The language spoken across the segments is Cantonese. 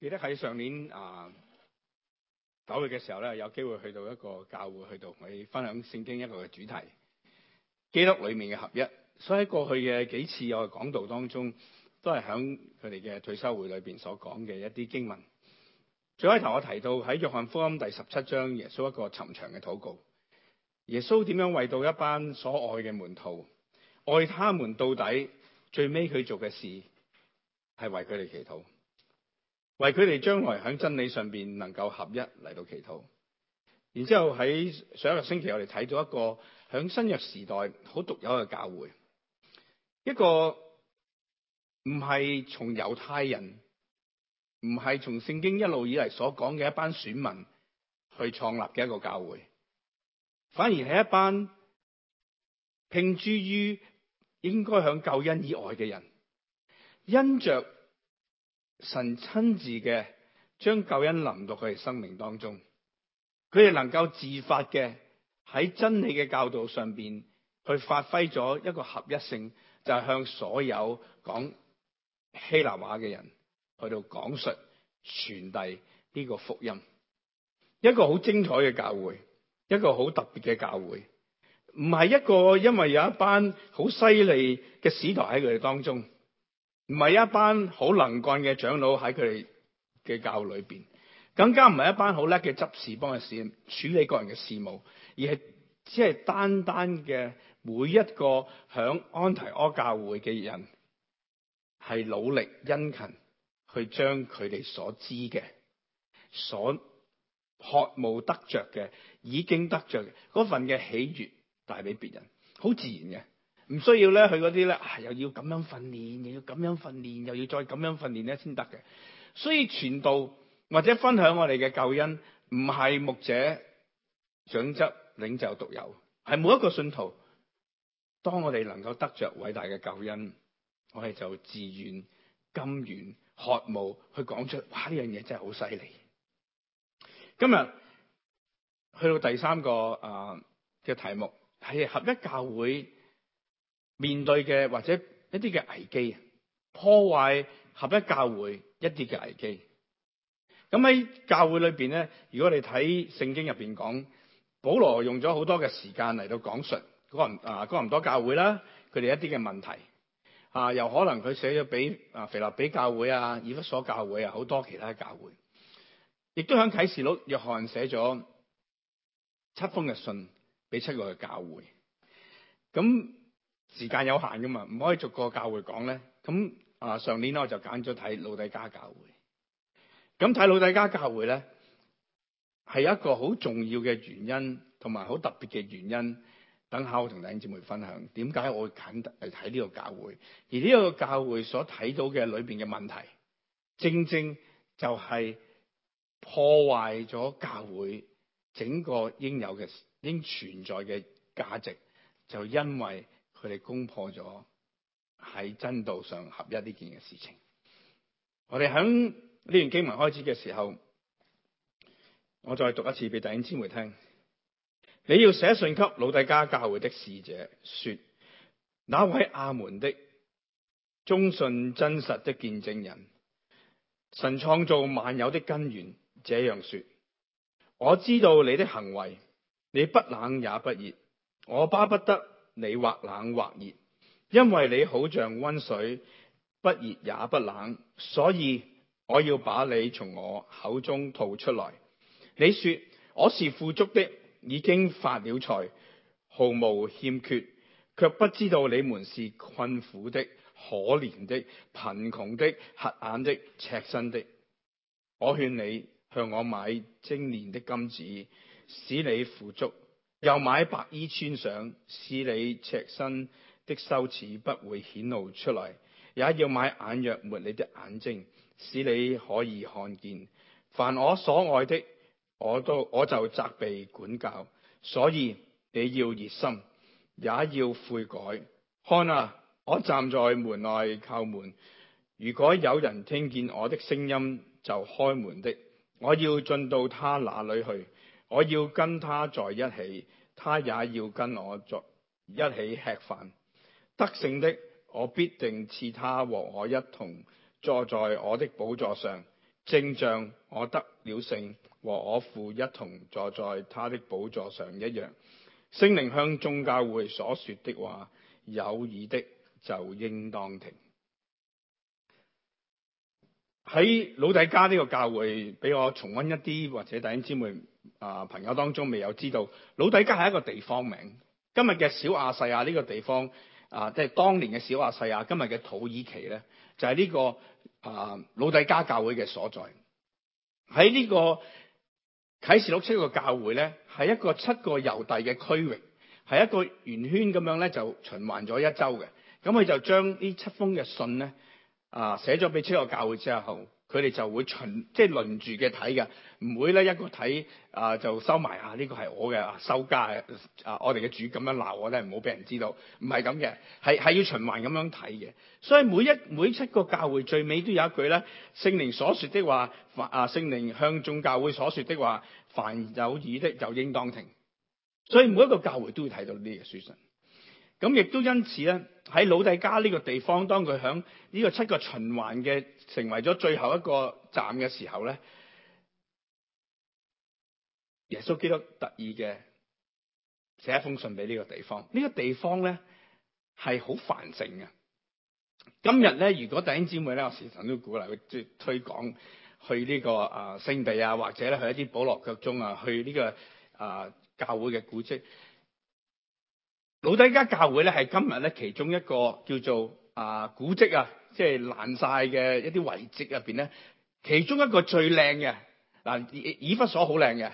記得喺上年啊九月嘅時候咧，有機會去到一個教會，去到同佢分享聖經一個嘅主題，基督裏面嘅合一。所以喺過去嘅幾次我嘅講道當中，都係響佢哋嘅退修會裏邊所講嘅一啲經文。最開頭我提到喺約翰福音第十七章，耶穌一個尋長嘅禱告，耶穌點樣為到一班所愛嘅門徒，愛他們到底，最尾佢做嘅事係為佢哋祈禱。為佢哋將來喺真理上邊能夠合一嚟到祈禱，然之後喺上一個星期我哋睇到一個喺新約時代好獨有嘅教會，一個唔係從猶太人，唔係從聖經一路以嚟所講嘅一班選民去創立嘅一個教會，反而係一班拼諸於應該響救恩以外嘅人，因着。神親自嘅將救恩淋到佢哋生命當中，佢哋能夠自發嘅喺真理嘅教導上邊去發揮咗一個合一性，就係、是、向所有講希臘話嘅人去到講述、傳遞呢個福音，一個好精彩嘅教會，一個好特別嘅教會，唔係一個因為有一班好犀利嘅使徒喺佢哋當中。唔係一班好能幹嘅長老喺佢哋嘅教會裏邊，更加唔係一班好叻嘅執事幫佢哋，處理個人嘅事務，而係只係單單嘅每一個響安提阿教會嘅人，係努力殷勤去將佢哋所知嘅、所渴慕得着嘅、已經得着嗰份嘅喜悅帶俾別人，好自然嘅。唔需要咧，佢嗰啲咧，又要咁樣訓練，又要咁樣訓練，又要再咁樣訓練咧，先得嘅。所以傳道或者分享我哋嘅救恩，唔係牧者長執領袖獨有，係每一個信徒。當我哋能夠得着偉大嘅救恩，我哋就自願甘願渴慕去講出，哇！呢樣嘢真係好犀利。今日去到第三個啊嘅、呃這個、題目係合一教會。面對嘅或者一啲嘅危機，破壞合一教會一啲嘅危機。咁喺教會裏邊咧，如果你睇聖經入邊講，保羅用咗好多嘅時間嚟到講述哥林啊哥林多教會啦，佢哋一啲嘅問題啊，又可能佢寫咗俾啊腓立比教會啊以弗所教會啊好多其他教會，亦都喺啟示錄，約翰寫咗七封嘅信俾七個嘅教會，咁。時間有限噶嘛，唔可以逐個教會講咧。咁啊，上年我就揀咗睇老底嘉教會。咁睇老底嘉教會咧，係一個好重要嘅原因，同埋好特別嘅原因。等下我同弟兄姊妹分享點解我會揀嚟睇呢個教會，而呢個教會所睇到嘅裏邊嘅問題，正正就係破壞咗教會整個應有嘅應存在嘅價值，就因為。佢哋攻破咗喺真道上合一呢件嘅事情。我哋響呢段經文開始嘅時候，我再讀一次俾弟兄姊妹聽。你要寫信給老底加教會的使者，說：那位阿門的忠信真實的見證人，神創造萬有的根源這樣說。我知道你的行為，你不冷也不熱，我巴不得。你或冷或熱，因為你好像溫水，不熱也不冷，所以我要把你從我口中吐出來。你說我是富足的，已經發了財，毫無欠缺，卻不知道你們是困苦的、可憐的、貧窮的、瞎眼的、赤身的。我勸你向我買精煉的金子，使你富足。又買白衣穿上，使你赤身的羞恥不會顯露出來；也要買眼藥抹你的眼睛，使你可以看見。凡我所愛的，我都我就責備管教，所以你要熱心，也要悔改。看啊，我站在門外叩門，如果有人聽見我的聲音就開門的，我要進到他那裏去。我要跟他在一起，他也要跟我坐一起吃飯。得勝的，我必定賜他和我一同坐在我的寶座上，正像我得了勝和我父一同坐在他的寶座上一樣。聖靈向眾教會所說的話，有耳的就應當聽。喺老底嘉呢個教會，俾我重溫一啲，或者弟兄姊妹。啊！朋友當中未有知道，老底加係一個地方名。今日嘅小亞細亞呢個地方，啊，即、就、係、是、當年嘅小亞細亞，今日嘅土耳其咧，就係、是、呢、這個啊老底加教會嘅所在。喺呢個啟示錄七個教會咧，係一個七個郵遞嘅區域，係一個圓圈咁樣咧就循環咗一周嘅。咁、嗯、佢就將呢七封嘅信咧啊寫咗俾七個教會之後。佢哋就會循即係輪住嘅睇嘅，唔會咧一個睇、呃、啊就收埋啊呢個係我嘅收家啊，啊，我哋嘅主咁樣鬧我咧，唔好俾人知道，唔係咁嘅，係係要循環咁樣睇嘅。所以每一每七個教會最尾都有一句咧，聖靈所說的話，凡啊聖靈向眾教會所說的話，凡有耳的就應當聽。所以每一個教會都會睇到呢啲嘅書信。咁亦都因此咧，喺老底嘉呢個地方，當佢響呢個七個循環嘅成為咗最後一個站嘅時候咧，耶穌基督特意嘅寫一封信俾呢個地方。呢、這個地方咧係好繁盛嘅。今日咧，如果弟兄姊妹咧，我時常都鼓勵佢推推廣去呢、這個啊聖、呃、地啊，或者咧去一啲保羅腳蹤啊，去呢、這個啊、呃、教會嘅古蹟。老底嘉教會咧，係今日咧其中一個叫做啊古蹟啊，即係爛晒嘅一啲遺蹟入邊咧，其中一個最靚嘅嗱，以弗所好靚嘅。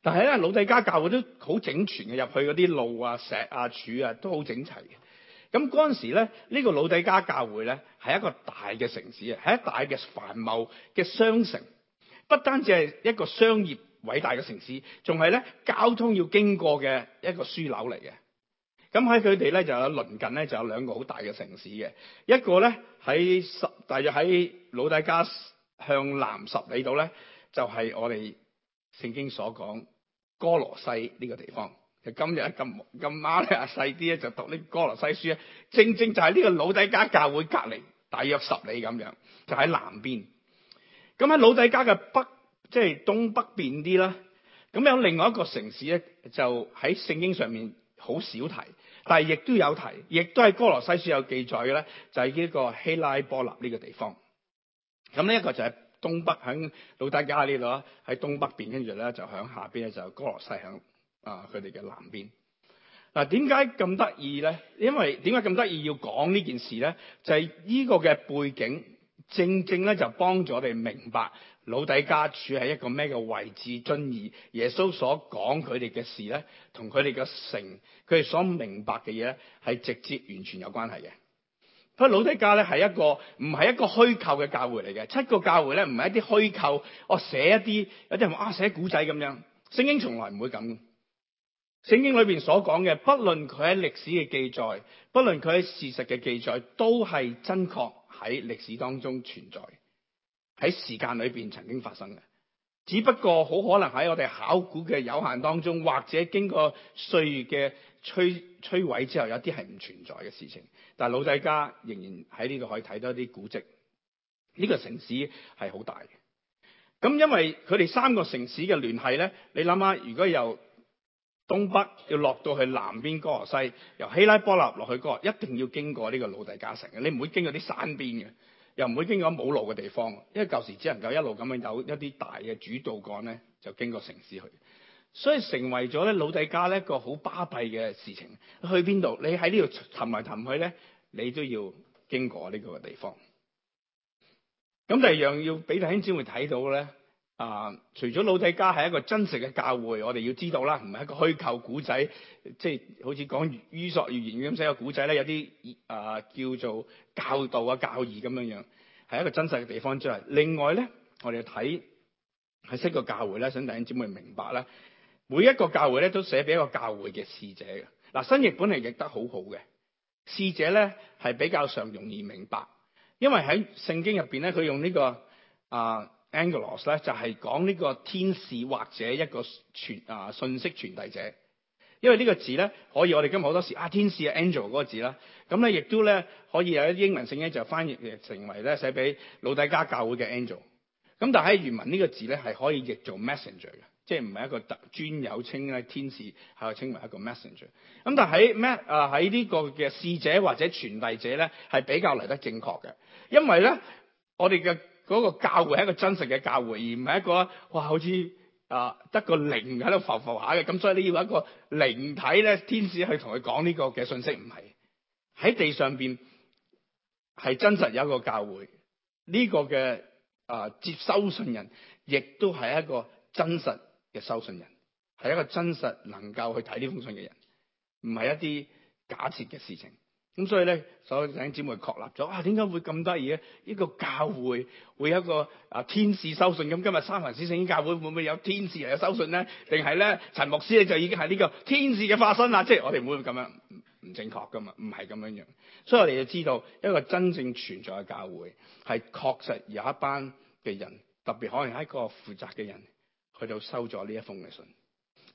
但係咧，老底嘉教會都好整全嘅，入去嗰啲路啊、石啊、柱啊都好整齊嘅。咁嗰陣時咧，呢、這個老底嘉教會咧係一個大嘅城市啊，係一大嘅繁茂嘅商城，不單止係一個商業偉大嘅城市，仲係咧交通要經過嘅一個樞紐嚟嘅。咁喺佢哋咧就有鄰近咧就有兩個好大嘅城市嘅，一個咧喺十大約喺老底加向南十里度咧，就係、是、我哋聖經所講哥羅西呢個地方。今日咁咁啱咧，細啲咧就讀呢個哥羅西書咧，正正就係呢個老底加教會隔籬大約十里咁樣，就喺南邊。咁喺老底加嘅北即係、就是、東北邊啲啦，咁有另外一個城市咧就喺聖經上面。好少提，但係亦都有提，亦都係《哥羅西書》有記載嘅咧，就係、是、呢個希拉波立呢個地方。咁呢一個就係東北響老底嘉呢度啦，喺東北邊，跟住咧就響下邊咧就哥羅西響啊佢哋嘅南邊。嗱、啊，點解咁得意咧？因為點解咁得意要講呢件事咧？就係、是、呢個嘅背景，正正咧就幫咗我哋明白。老底加處係一個咩嘅位置尊義？耶穌所講佢哋嘅事咧，同佢哋嘅城，佢哋所明白嘅嘢咧，係直接完全有關係嘅。所以老底加咧係一個唔係一個虛構嘅教會嚟嘅。七個教會咧唔係一啲虛構，我、哦、寫一啲有啲人話啊寫古仔咁樣。聖經從來唔會咁。聖經裏邊所講嘅，不論佢喺歷史嘅記載，不論佢喺事實嘅記載，都係真確喺歷史當中存在。喺時間裏邊曾經發生嘅，只不過好可能喺我哋考古嘅有限當中，或者經過歲月嘅摧摧毀之後，有啲係唔存在嘅事情。但係老底嘉仍然喺呢度可以睇到一啲古蹟。呢個城市係好大嘅，咁因為佢哋三個城市嘅聯繫咧，你諗下，如果由東北要落到去南邊歌羅西，由希拉波納落去嗰，一定要經過呢個老底嘉城嘅，你唔會經過啲山邊嘅。又唔會經過冇路嘅地方，因為舊時只能夠一路咁樣有一啲大嘅主道幹咧，就經過城市去，所以成為咗咧老底家咧一個好巴閉嘅事情。去邊度，你喺呢度尋嚟尋去咧，你都要經過呢個地方。咁第二樣要俾弟兄姊妹睇到咧。啊！除咗老底嘉係一個真實嘅教會，我哋要知道啦，唔係一個虛構古仔，即係好似講伊索寓言咁寫個古仔咧，有啲啊、呃、叫做教導啊教義咁樣樣，係一個真實嘅地方之外。另外咧，我哋睇係識個教會咧，想等弟兄姊妹明白咧，每一個教會咧都寫俾一個教會嘅使者嘅嗱、啊，新譯本係譯得好好嘅，使者咧係比較上容易明白，因為喺聖經入邊咧，佢用呢、這個啊。Angelos 咧就係、是、講呢個天使或者一個傳啊、呃、信息傳遞者，因為呢個字咧可以我哋今日好多時啊天使嘅 angel 嗰個字啦，咁咧亦都咧可以有一英文性咧就翻譯成為咧寫俾老底家教會嘅 angel，咁但喺原文呢個字咧係可以譯做 messenger 嘅，即係唔係一個特專有稱咧天使，係稱為一個 messenger。咁但喺咩啊喺呢個嘅使者或者傳遞者咧係比較嚟得正確嘅，因為咧我哋嘅。嗰個教會係一個真實嘅教會，而唔係一個哇，好似啊得個靈喺度浮浮下嘅。咁所以你要一個靈體咧，天使去同佢講呢個嘅信息，唔係喺地上邊，係真實有一個教會，呢、這個嘅啊、呃、接收信人，亦都係一個真實嘅收信人，係一個真實能夠去睇呢封信嘅人，唔係一啲假設嘅事情。咁所以咧，所有弟兄姊妹確立咗啊，點解會咁得意咧？呢個教會會有一個啊天使收信咁、嗯，今日三藩市聖經教會會唔會有天使嚟收信咧？定係咧陳牧師咧就已經係呢個天使嘅化身啦？即係我哋唔會咁樣唔正確噶嘛，唔係咁樣樣。所以我哋就知道一個真正存在嘅教會，係確實有一班嘅人，特別可能係一個負責嘅人，去到收咗呢一封嘅信，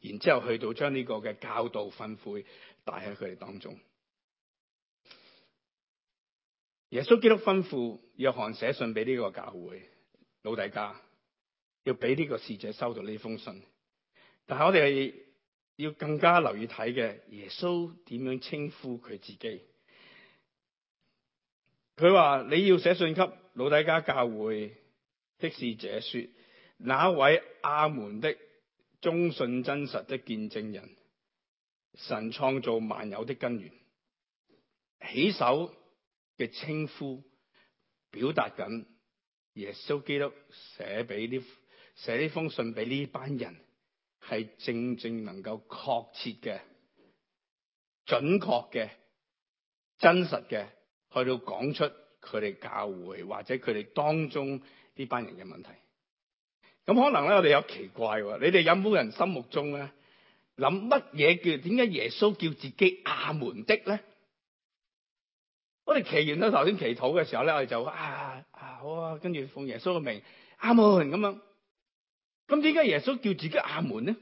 然之後去到將呢個嘅教導吩咐帶喺佢哋當中。耶穌基督吩咐約翰寫信俾呢個教會老底嘉，要俾呢個使者收到呢封信。但係我哋要更加留意睇嘅，耶穌點樣稱呼佢自己？佢話，你要寫信給老底嘉教會的使者說，那位阿門的忠信真實的見證人，神創造萬有的根源，起手。嘅稱呼，表達緊耶穌基督寫俾呢，寫呢封信俾呢班人，係正正能夠確切嘅、準確嘅、真實嘅去到講出佢哋教會或者佢哋當中呢班人嘅問題。咁可能咧，我哋有奇怪，你哋有冇人心目中咧諗乜嘢叫，點解耶穌叫自己亞門的咧？我哋祈完啦頭先祈禱嘅時候咧，我哋就啊啊好啊，跟住奉耶穌嘅名阿門咁樣，咁點解耶穌叫自己阿門咧？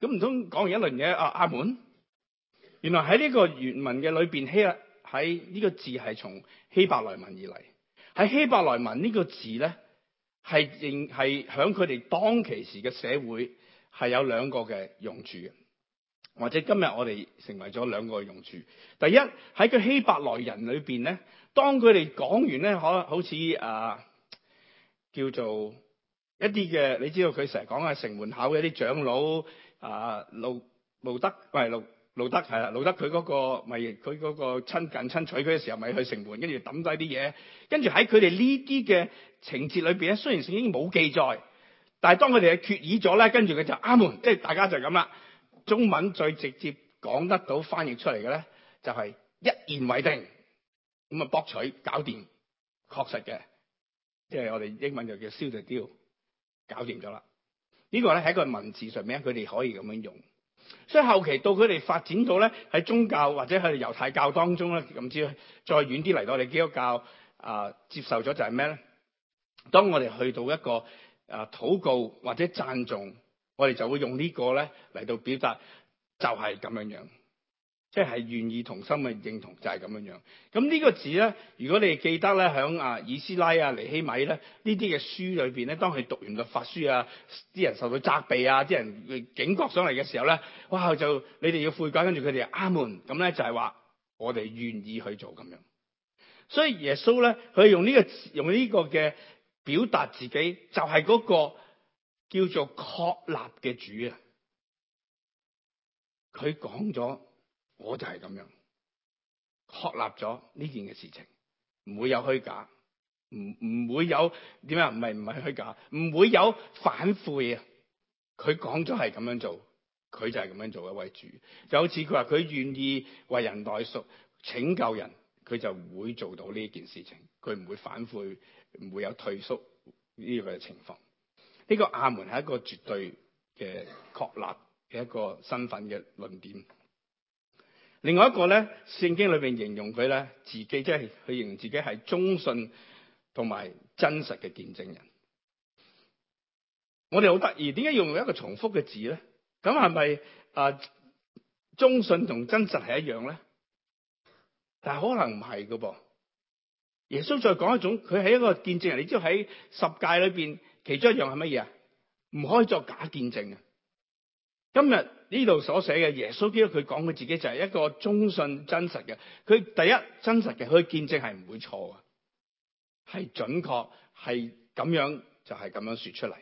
咁唔通，講完一輪嘢啊阿門？原來喺呢個原文嘅裏邊希啊，喺呢個字係從希伯來文而嚟。喺希伯來文呢個字咧，係認、係響佢哋當其時嘅社會係有兩個嘅用處嘅。或者今日我哋成為咗兩個用處。第一喺佢希伯來人裏邊咧，當佢哋講完咧，可好似啊叫做一啲嘅，你知道佢成日講啊城門口嗰啲長老啊路路德，喂，係路路德係啦，路德佢嗰、嗰個咪佢嗰個親近親取佢嘅時候咪去城門，跟住抌低啲嘢，跟住喺佢哋呢啲嘅情節裏邊咧，雖然聖經冇記載，但係當佢哋嘅決議咗咧，跟住佢就啱、啊、門，即係大家就咁啦。中文最直接講得到翻譯出嚟嘅咧，就係、是、一言為定，咁啊博取搞掂，確實嘅，即係我哋英文就叫 sealed deal 搞掂咗啦。這個、呢個咧喺個文字上面，佢哋可以咁樣用。所以後期到佢哋發展到咧，喺宗教或者喺猶太教當中咧，甚至再遠啲嚟到我哋基督教啊、呃，接受咗就係咩咧？當我哋去到一個啊禱、呃、告或者讚頌。我哋就會用呢個咧嚟到表達，就係咁樣樣，即係願意同心去認同就係咁樣樣。咁呢個字咧，如果你記得咧，響啊以斯拉啊尼希米咧呢啲嘅書裏邊咧，當佢讀完律法書啊，啲人受到責備啊，啲人警覺上嚟嘅時候咧，哇，就你哋要悔改，跟住佢哋阿門，咁咧就係話我哋願意去做咁樣。所以耶穌咧，佢用呢個用呢個嘅表達自己，就係嗰個。叫做確立嘅主啊，佢講咗，我就係咁樣確立咗呢件嘅事情，唔會有虛假，唔唔會有點樣？唔係唔係虛假，唔會有反悔啊！佢講咗係咁樣做，佢就係咁樣做嘅一位主，就好似佢話佢願意為人代贖、拯救人，佢就唔會做到呢件事情，佢唔會反悔，唔會有退縮呢個情況。呢個阿門係一個絕對嘅確立嘅一個身份嘅論點。另外一個咧，聖經裏邊形容佢咧，自己即係佢形容自己係忠信同埋真實嘅見證人。我哋好得意，點解要用一個重複嘅字咧？咁係咪啊忠信同真實係一樣咧？但係可能唔係噶噃。耶穌再講一種，佢係一個見證人，你知道喺十誡裏邊，其中一樣係乜嘢啊？唔可以作假見證啊！今日呢度所寫嘅耶穌基督，佢講佢自己就係一個忠信真實嘅。佢第一真實嘅，佢見證係唔會錯嘅，係準確，係咁樣就係、是、咁樣説出嚟。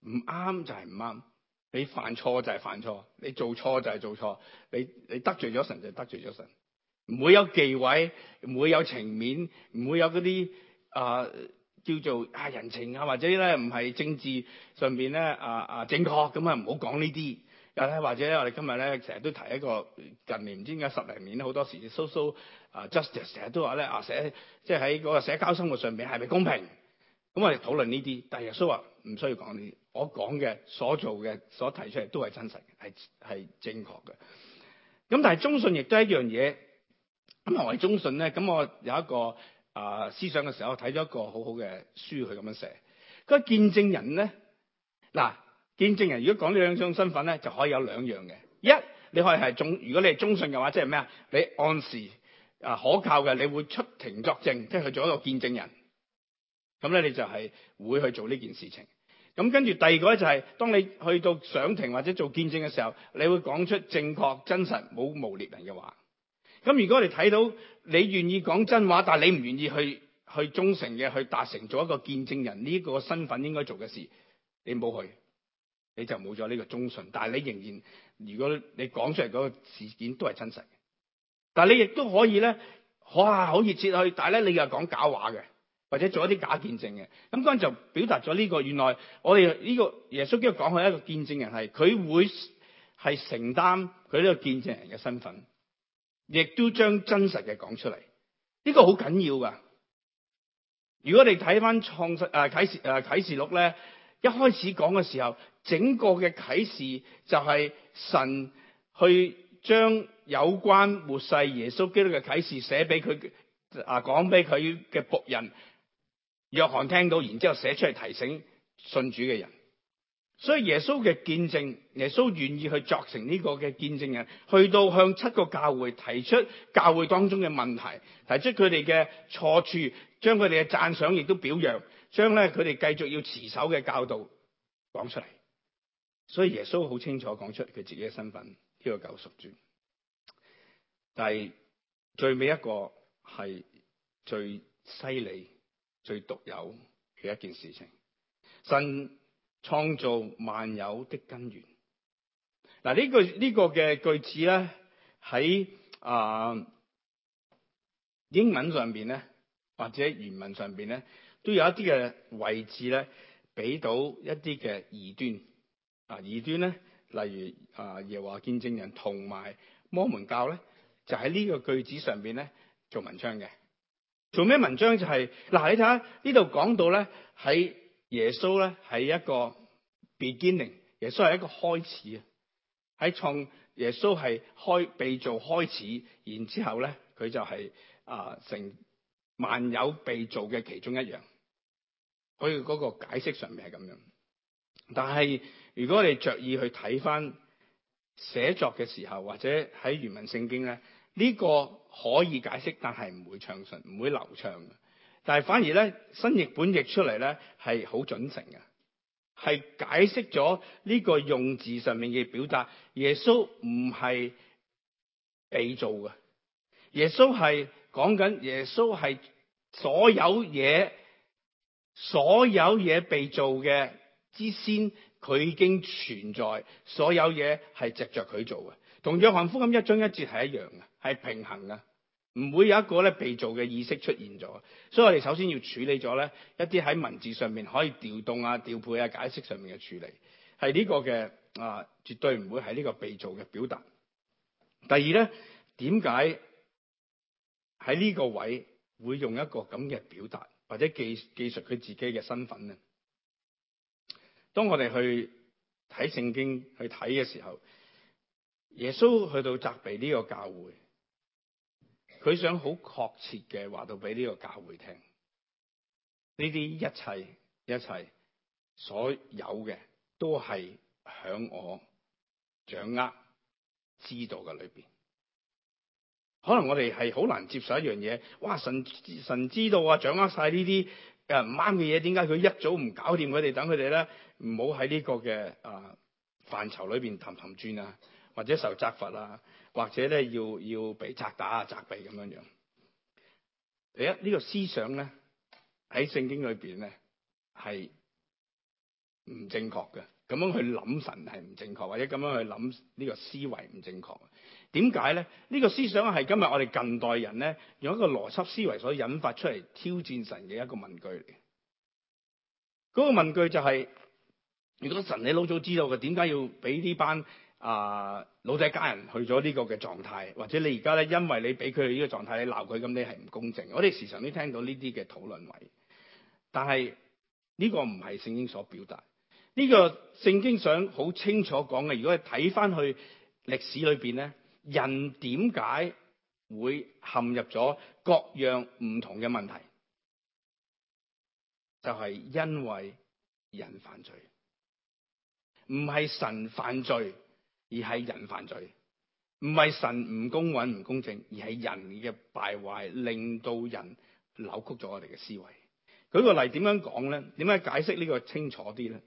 唔啱就係唔啱，你犯錯就係犯錯，你做錯就係做錯，你你得罪咗神就係得罪咗神，唔會有忌諱，唔會有情面，唔會有嗰啲啊～、呃叫做啊人情啊，或者咧唔係政治上邊咧啊啊正確咁啊，唔好講呢啲。又或者我哋今日咧成日都提一個近年唔知點解十零年好多時 Social Justice 成日都話咧啊社，即係喺嗰個社交生活上邊係咪公平？咁我哋討論呢啲，但係耶蘇話唔需要講呢啲。我講嘅、所做嘅、所提出嚟都係真實嘅，係係正確嘅。咁但係忠信亦都一樣嘢。咁何為忠信咧？咁我有一個。啊！思想嘅時候，睇咗一個好好嘅書，去咁樣寫。個見證人咧，嗱，見證人如果講呢兩種身份咧，就可以有兩樣嘅。一，你可以係忠，如果你係忠信嘅話，即係咩啊？你按時啊可靠嘅，你會出庭作證，即係去做一個見證人。咁咧，你就係會去做呢件事情。咁跟住第二個咧、就係，就係當你去到上庭或者做見證嘅時候，你會講出正確、真實、冇誣蔑人嘅話。咁如果你睇到你願意講真話，但係你唔願意去去忠誠嘅去達成做一個見證人呢個身份應該做嘅事，你冇去，你就冇咗呢個忠信。但係你仍然，如果你講出嚟個事件都係真實嘅，但係你亦都可以咧，哇好熱切去，但係咧你又講假話嘅，或者做一啲假見證嘅。咁嗰陣就表達咗呢個，原來我哋呢個耶穌基督講佢一個見證人係，佢會係承擔佢呢個見證人嘅身份。亦都將真實嘅講出嚟，呢、這個好緊要噶。如果你睇翻創世誒、呃、啟示誒、呃、啟示錄咧，一開始講嘅時候，整個嘅啟示就係神去將有關末世耶穌基督嘅啟示寫俾佢啊，講俾佢嘅僕人約翰聽到，然之後寫出嚟，提醒信主嘅人。所以耶穌嘅見證，耶穌願意去作成呢個嘅見證人，去到向七個教會提出教會當中嘅問題，提出佢哋嘅錯處，將佢哋嘅贊賞亦都表揚，將咧佢哋繼續要持守嘅教導講出嚟。所以耶穌好清楚講出佢自己嘅身份呢、這個救贖主。但係最尾一個係最犀利、最獨有嘅一件事情，神。創造萬有的根源。嗱、這個，呢句呢個嘅句子咧，喺啊、呃、英文上邊咧，或者原文上邊咧，都有一啲嘅位置咧，俾到一啲嘅異端。啊、呃，異端咧，例如啊、呃、耶和華見證人同埋摩門教咧，就喺呢個句子上邊咧做文章嘅。做咩文章？就係、是、嗱、呃，你睇下呢度講到咧喺。耶穌咧係一個 beginning，耶穌係一個開始啊，喺創耶穌係開被造開始，然之後咧佢就係、是、啊、呃、成萬有被造嘅其中一樣，佢嗰個解釋上面係咁樣。但係如果你着意去睇翻寫作嘅時候，或者喺原文聖經咧，呢、這個可以解釋，但係唔會暢順，唔會流暢。但係反而咧，新譯本譯出嚟咧係好準誠嘅，係解釋咗呢個用字上面嘅表達。耶穌唔係被做嘅，耶穌係講緊耶穌係所有嘢，所有嘢被做嘅之先，佢已經存在。所有嘢係藉着佢做嘅，同約翰福音一章一節係一樣嘅，係平衡嘅。唔會有一個咧被造嘅意識出現咗，所以我哋首先要處理咗咧一啲喺文字上面可以調動啊、調配啊、解釋上面嘅處理，係呢個嘅啊，絕對唔會係呢個被造嘅表達。第二咧，點解喺呢個位會用一個咁嘅表達或者記記述佢自己嘅身份咧？當我哋去睇聖經去睇嘅時候，耶穌去到責備呢個教會。佢想好確切嘅話到俾呢個教會聽，呢啲一切一切所有嘅都係喺我掌握知道嘅裏邊。可能我哋係好難接受一樣嘢，哇！神神知道啊，掌握晒呢啲誒唔啱嘅嘢，點解佢一早唔搞掂佢哋，等佢哋咧唔好喺呢個嘅啊範疇裏邊氹氹轉啊，或者受責罰啊？或者咧要要俾責打啊，責備咁樣樣。第一呢個思想咧喺聖經裏邊咧係唔正確嘅，咁樣去諗神係唔正確，或者咁樣去諗呢個思維唔正確呢。點解咧？呢個思想係今日我哋近代人咧用一個邏輯思維所引發出嚟挑戰神嘅一個問句嚟。嗰個問句就係：如果神你老早知道嘅，點解要俾呢班？啊！老仔家人去咗呢個嘅狀態，或者你而家咧，因為你俾佢呢個狀態，你鬧佢咁，你係唔公正。我哋時常都聽到呢啲嘅討論位，但係呢個唔係聖經所表達。呢個聖經想好清楚講嘅，如果你睇翻去歷史裏邊咧，人點解會陷入咗各樣唔同嘅問題？就係因為人犯罪，唔係神犯罪。而係人犯罪，唔係神唔公允唔公正，而係人嘅敗壞令到人扭曲咗我哋嘅思維。舉個例呢，點樣講咧？點解解釋呢個清楚啲咧？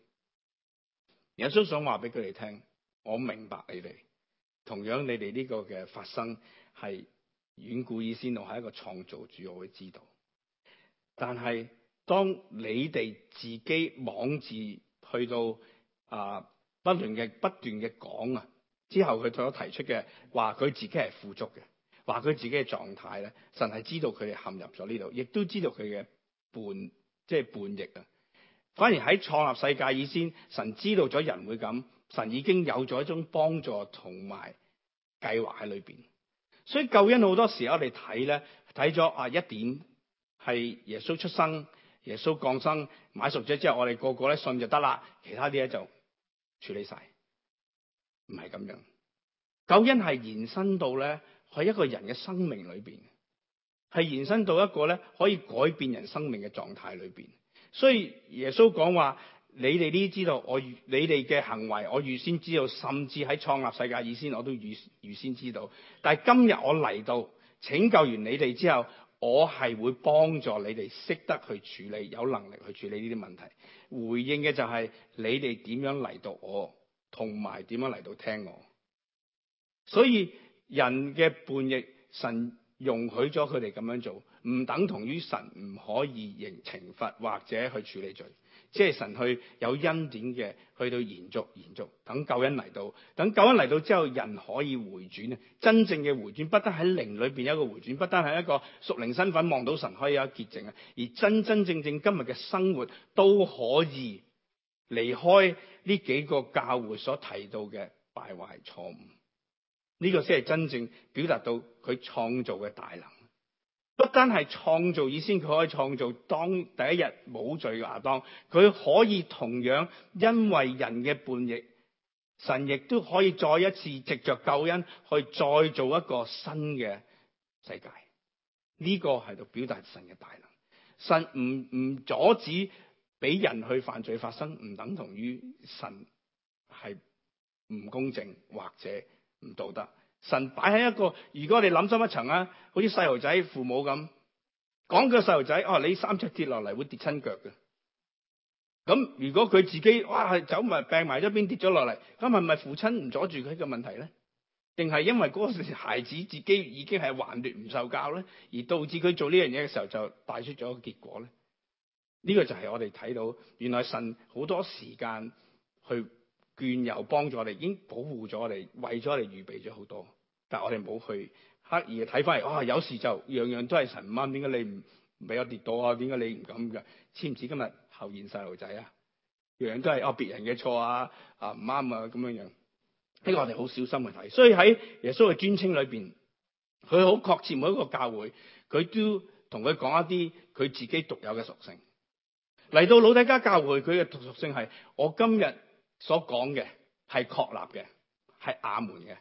耶穌想話俾佢哋聽，我明白你哋，同樣你哋呢個嘅發生係遠古以先，係一個創造主，我會知道。但係當你哋自己妄自去到啊、呃，不斷嘅不斷嘅講啊。之後佢所提出嘅話，佢自己係富足嘅，話佢自己嘅狀態咧，神係知道佢哋陷入咗呢度，亦都知道佢嘅叛，即係叛逆啊。反而喺創立世界以先，神知道咗人會咁，神已經有咗一種幫助同埋計劃喺裏邊。所以救恩好多時候我哋睇咧，睇咗啊一點係耶穌出生、耶穌降生、買贖咗之後，我哋個個咧信就得啦，其他啲咧就處理晒。唔係咁樣，救恩係延伸到咧，喺一個人嘅生命裏邊，係延伸到一個咧可以改變人生命嘅狀態裏邊。所以耶穌講話，你哋呢啲知道我，你哋嘅行為我預先知道，甚至喺創立世界以前我都預預先知道。但係今日我嚟到拯救完你哋之後，我係會幫助你哋識得去處理，有能力去處理呢啲問題。回應嘅就係、是、你哋點樣嚟到我。同埋點樣嚟到聽我？所以人嘅叛逆，神容許咗佢哋咁樣做，唔等同於神唔可以刑懲罰或者去處理罪，即係神去有恩典嘅去到延續、延續。等救恩嚟到，等救恩嚟到之後，人可以回轉啊！真正嘅回轉，不但喺靈裏邊有一個回轉，不但係一個屬靈身份望到神可以有一潔淨啊！而真真正正今日嘅生活都可以。離開呢幾個教會所提到嘅敗壞錯誤，呢個先係真正表達到佢創造嘅大能。不單係創造以先佢可以創造當第一日冇罪嘅亞當，佢可以同樣，因為人嘅叛逆，神亦都可以再一次藉着救恩去再做一個新嘅世界。呢個係度表達神嘅大能，神唔唔阻止。俾人去犯罪發生，唔等同於神係唔公正或者唔道德。神擺喺一個，如果你諗深一層啊，好似細路仔父母咁講個細路仔哦，你三尺跌落嚟會跌親腳嘅。咁如果佢自己哇走埋病埋一邊跌咗落嚟，咁係咪父親唔阻住佢嘅問題咧？定係因為嗰個孩子自己已經係頑劣唔受教咧，而導致佢做呢樣嘢嘅時候就帶出咗一個結果咧？呢個就係我哋睇到，原來神好多時間去眷佑幫助我哋，已經保護咗我哋，為咗我哋預備咗好多，但係我哋冇去，刻意嘅睇翻嚟，哇、哦，有時就樣樣都係神唔啱，點解你唔俾我跌倒啊？點解你唔咁嘅？似唔似今日後院細路仔啊？樣樣都係哦，別人嘅錯啊，啊唔啱啊，咁樣樣，呢、這個我哋好小心去睇。所以喺耶穌嘅尊稱裏邊，佢好確切每一個教會，佢都同佢講一啲佢自己獨有嘅屬性。嚟到老底嘉教會，佢嘅屬性係：我今日所講嘅係確立嘅，係阿門嘅。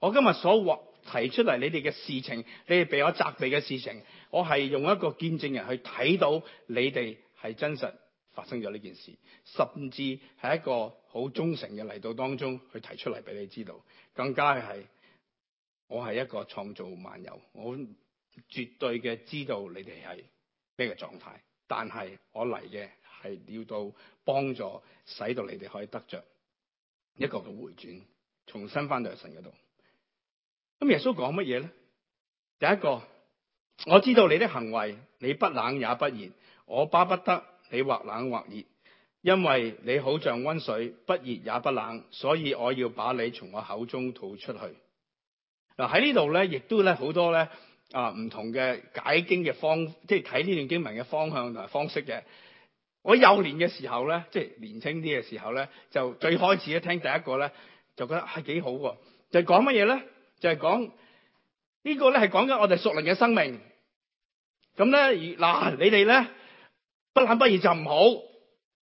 我今日所話提出嚟，你哋嘅事情，你哋被我責備嘅事情，我係用一個見證人去睇到你哋係真實發生咗呢件事，甚至係一個好忠誠嘅嚟到當中去提出嚟俾你知道，更加係我係一個創造萬有，我絕對嘅知道你哋係咩嘅狀態。但係我嚟嘅係要到幫助，使到你哋可以得着一個嘅回轉，重新翻到神嗰度。咁耶穌講乜嘢咧？第一個，我知道你的行為，你不冷也不熱，我巴不得你或冷或熱，因為你好像溫水，不熱也不冷，所以我要把你從我口中吐出去。嗱、啊、喺呢度咧，亦都咧好多咧。啊，唔同嘅解經嘅方，即係睇呢段經文嘅方向同埋方式嘅。我幼年嘅時候咧，即係年輕啲嘅時候咧，就最開始一聽第一個咧，就覺得係幾、啊、好喎、啊。就係講乜嘢咧？就係講呢個咧係講緊我哋屬靈嘅生命。咁咧，嗱、啊、你哋咧不冷不熱就唔好，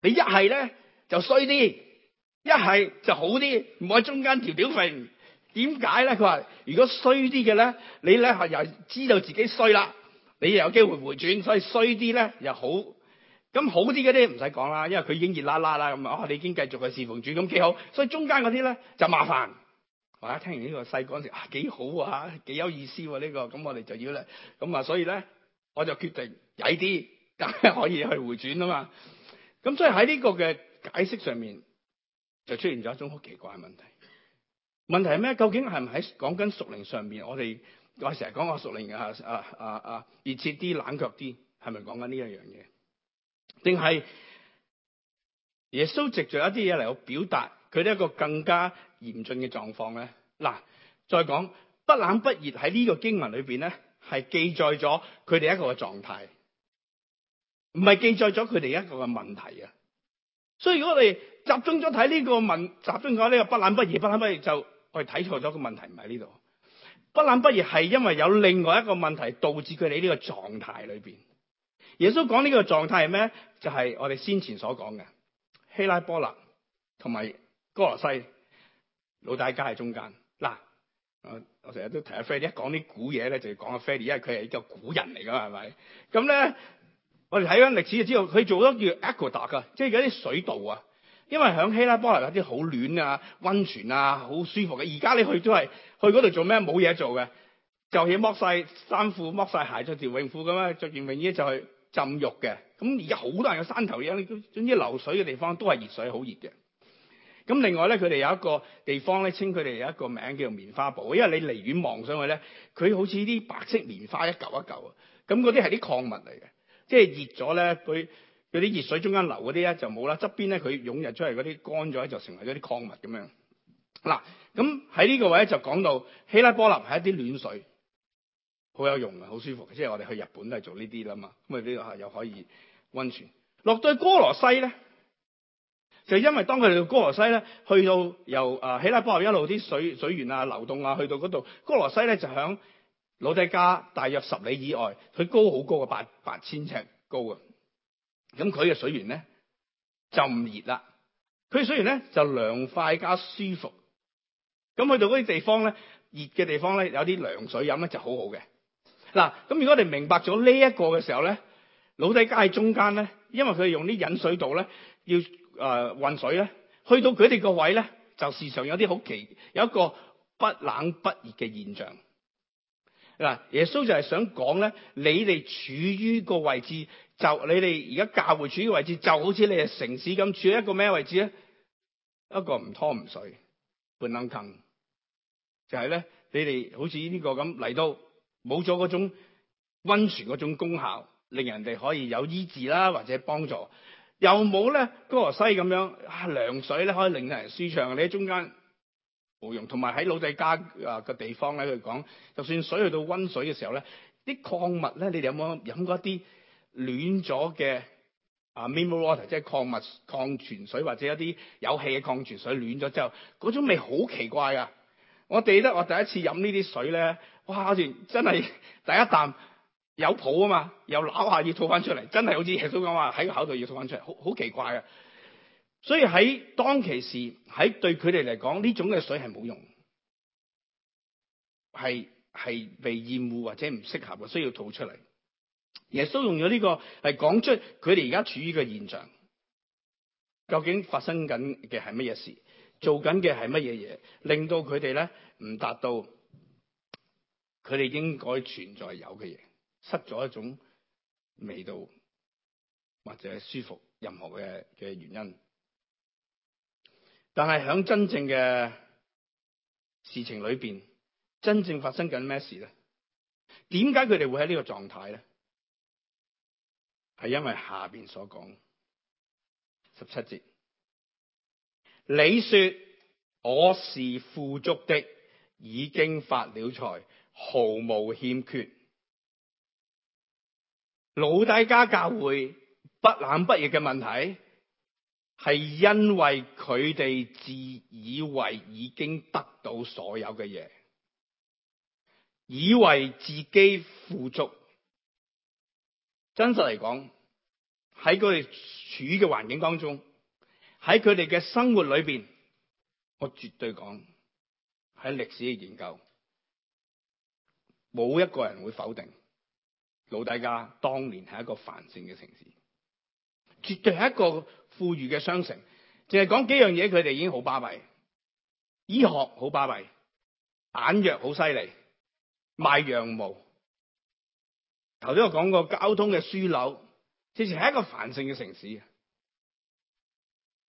你呢一係咧就衰啲，一係就好啲，唔好喺中間吊吊揈。點解咧？佢話如果衰啲嘅咧，你咧又知道自己衰啦，你又有機會回轉，所以衰啲咧又好。咁好啲嗰啲唔使講啦，因為佢已經熱辣辣啦，咁啊你已經繼續去侍奉主，咁幾好。所以中間嗰啲咧就麻煩。哇！聽完呢個細講時啊，幾好啊，啊幾有意思呢個，啊，這個。咁我哋就要咧，咁啊，所以咧我就決定曳啲，但係可以去回轉啊嘛。咁所以喺呢個嘅解釋上面，就出現咗一種好奇怪嘅問題。問題係咩？究竟係唔係喺講緊熟齡上面？我哋我成日講個熟齡啊啊啊啊，熱切啲、冷卻啲，係咪講緊呢一樣嘢？定係耶穌藉著一啲嘢嚟去表達佢一個更加嚴峻嘅狀況咧？嗱，再講不冷不熱喺呢個經文裏邊咧，係記載咗佢哋一個嘅狀態，唔係記載咗佢哋一個嘅問題啊。所以如果我哋集中咗睇呢個文，集中咗呢個不冷不熱、不冷不熱就。佢睇錯咗個問題唔係呢度。不冷不熱係因為有另外一個問題導致佢哋呢個狀態裏邊。耶穌講呢個狀態係咩？就係、是、我哋先前所講嘅希拉波勒同埋哥羅西老底嘉喺中間。嗱，我我成日都提阿 Fady，一講啲古嘢咧，就講阿 Fady，因為佢係一個古人嚟噶嘛，係咪？咁咧，我哋睇翻歷史就知道佢做咗叫 aqueduct 啊，即係有啲水道啊。因為喺希拉波立嗰啲好暖啊，溫泉啊，好舒服嘅。而家你去都係去嗰度做咩？冇嘢做嘅，就去剝晒衫褲，剝晒鞋，着條泳褲咁啊，着件泳衣就去浸浴嘅。咁而家好多人有山頭嘢，總之流水嘅地方都係熱水，好熱嘅。咁另外咧，佢哋有一個地方咧，稱佢哋有一個名叫做棉花堡，因為你離遠望上去咧，佢好似啲白色棉花一嚿一嚿啊。咁嗰啲係啲礦物嚟嘅，即係熱咗咧，佢。有啲熱水，中間流嗰啲咧就冇啦。側邊咧佢湧入出嚟嗰啲乾咗，就成為咗啲礦物咁樣。嗱，咁喺呢個位就講到希拉波立係一啲暖水，好有用嘅，好舒服。即係我哋去日本都係做呢啲啦嘛。咁啊呢度又可以溫泉。落到去歌羅西咧，就因為當佢哋到歌羅西咧，去到由啊希拉波立一路啲水水源啊流動啊，去到嗰度歌羅西咧就響老底嘉大約十里以外，佢高好高嘅八八千尺高啊！咁佢嘅水源咧就唔熱啦，佢嘅水源咧就涼快加舒服。咁去到嗰啲地方咧，熱嘅地方咧有啲涼水飲咧就好好嘅。嗱，咁如果你明白咗呢一個嘅時候咧，老底嘉喺中間咧，因為佢用啲引水道咧要誒、呃、運水咧，去到佢哋個位咧就時常有啲好奇有一個不冷不熱嘅現象。嗱，耶穌就係想講咧，你哋處於個位置，就你哋而家教會處於個位置，就好似你哋城市咁，處於一個咩位置咧？一個唔湯唔水，半冷坑，就係、是、咧，你哋好似呢個咁嚟到冇咗嗰種溫泉嗰種功效，令人哋可以有醫治啦、啊、或者幫助，又冇咧歌羅西咁樣啊涼水咧可以令人舒暢，你喺中間，冇用，同埋喺老底嘉啊嘅地方咧，佢講就算水去到溫水嘅時候咧，啲礦物咧，你哋有冇飲過一啲暖咗嘅啊 mineral water，即係礦物礦泉水或者一啲有氣嘅礦泉水暖咗之後，嗰種味好奇怪噶。我記得我第一次飲呢啲水咧，哇，突然真係第一啖有泡啊嘛，又揦下要吐翻出嚟，真係好似耶穌咁話喺口度要吐翻出嚟，好好奇怪噶。所以喺當其時，喺對佢哋嚟講，呢種嘅水係冇用，係係被厭惡或者唔適合嘅，需要吐出嚟。耶穌用咗呢個係講出佢哋而家處於嘅現象，究竟發生緊嘅係乜嘢事，做緊嘅係乜嘢嘢，令到佢哋咧唔達到佢哋應該存在有嘅嘢，失咗一種味道或者舒服任何嘅嘅原因。但係喺真正嘅事情裏邊，真正發生緊咩事咧？點解佢哋會喺呢個狀態咧？係因為下邊所講十七節，你說我是富足的，已經發了財，毫無欠缺。老底嘉教會不冷不熱嘅問題。係因為佢哋自以為已經得到所有嘅嘢，以為自己富足。真實嚟講，喺佢哋處嘅環境當中，喺佢哋嘅生活裏邊，我絕對講喺歷史嘅研究，冇一個人會否定老底嘉當年係一個繁盛嘅城市，絕對係一個。富裕嘅商城，淨係講幾樣嘢，佢哋已經好巴閉。醫學好巴閉，眼藥好犀利，賣羊毛。頭先我講過，交通嘅樞紐，之前係一個繁盛嘅城市。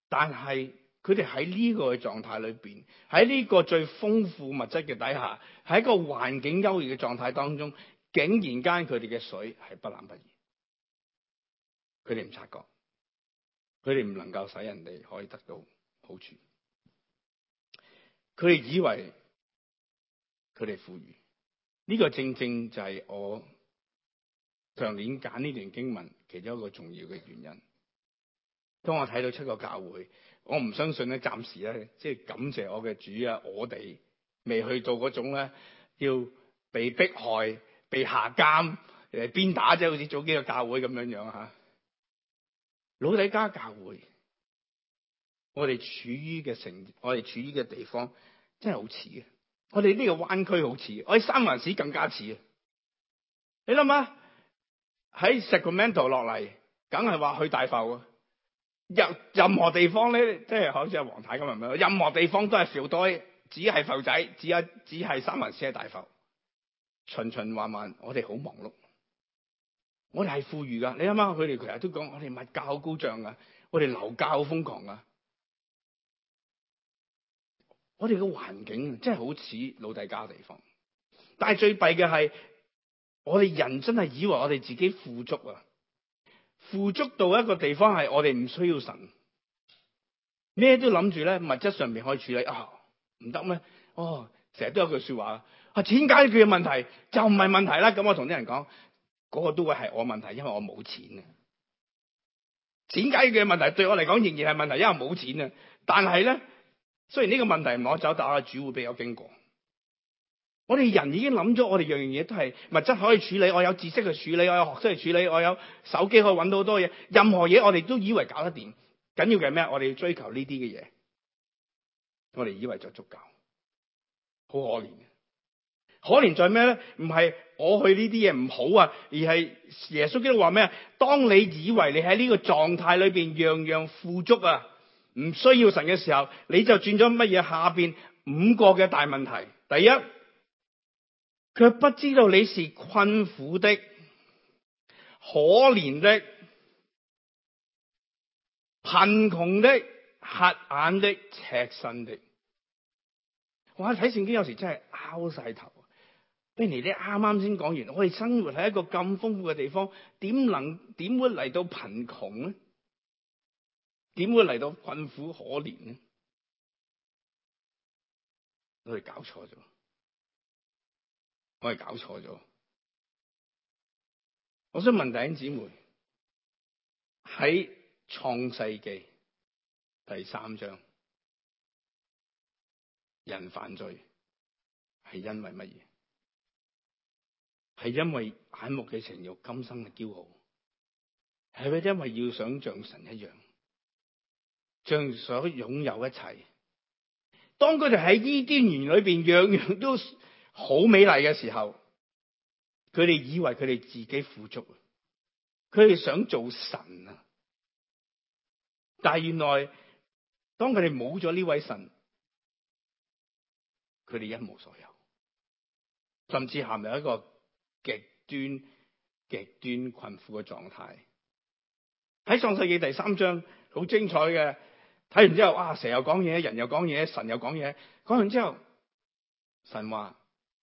但係佢哋喺呢個嘅狀態裏邊，喺呢個最豐富物質嘅底下，喺一個環境優異嘅狀態當中，竟然間佢哋嘅水係不冷不熱，佢哋唔察覺。佢哋唔能夠使人哋可以得到好處，佢哋以為佢哋富裕，呢個正正就係我上年揀呢段經文其中一個重要嘅原因。當我睇到七個教會，我唔相信咧，暫時咧，即係感謝我嘅主啊，我哋未去到嗰種咧，要被迫害、被下監、誒鞭打啫，好似早幾個教會咁樣樣吓。老底家教會，我哋處於嘅城，我哋處於嘅地方真係好似嘅。我哋呢個灣區好似，我哋三環市更加似。你諗下喺石 a c r m e n t o 落嚟，梗係話去大埠啊！任任何地方咧，即係好似阿黃太咁，任何地方都係少多，只係浮仔，只啊只係三環市係大埠，循循環環，我哋好忙碌。我哋係富裕噶，你啱啱佢哋其實都講我哋物價好高漲噶，我哋樓價好瘋狂噶，我哋嘅環境真係好似老弟家嘅地方，但係最弊嘅係我哋人真係以為我哋自己富足啊，富足到一個地方係我哋唔需要神，咩都諗住咧物質上面可以處理啊，唔得咩？哦，成日都有句說話啊，錢解決嘅問題就唔係問題啦，咁我同啲人講。嗰個都會係我問題，因為我冇錢啊！錢解嘅問題對我嚟講仍然係問題，因為冇錢啊！但係咧，雖然呢個問題唔攞走，但係主會俾我經過。我哋人已經諗咗，我哋樣樣嘢都係物質可以處理，我有知識去處理，我有學識去處理，我有手機可以搵到好多嘢。任何嘢我哋都以為搞得掂，緊要嘅係咩？我哋要追求呢啲嘅嘢，我哋以為就足夠，好可憐。可憐在咩咧？唔係。我去呢啲嘢唔好啊，而係耶穌基督話咩啊？當你以為你喺呢個狀態裏邊樣樣富足啊，唔需要神嘅時候，你就轉咗乜嘢？下邊五個嘅大問題，第一，佢不知道你是困苦的、可憐的、貧窮的、瞎眼的、赤身的。哇！睇聖經有時真係拗晒頭。你啱啱先講完，我哋生活喺一個咁豐富嘅地方，點能點會嚟到貧窮咧？點會嚟到困苦可憐咧？我哋搞錯咗，我哋搞錯咗。我想問弟兄姊妹，喺創世記第三章，人犯罪係因為乜嘢？係因為眼目嘅情欲、今生嘅驕傲，係咪因為要想像神一樣，像想擁有一切。當佢哋喺伊甸園裏邊，樣樣都好美麗嘅時候，佢哋以為佢哋自己富足，佢哋想做神啊！但係原來，當佢哋冇咗呢位神，佢哋一無所有，甚至陷入一個。極端、極端困苦嘅狀態，喺創世記第三章好精彩嘅。睇完之後，啊，蛇又講嘢，人又講嘢，神又講嘢。講完之後，神話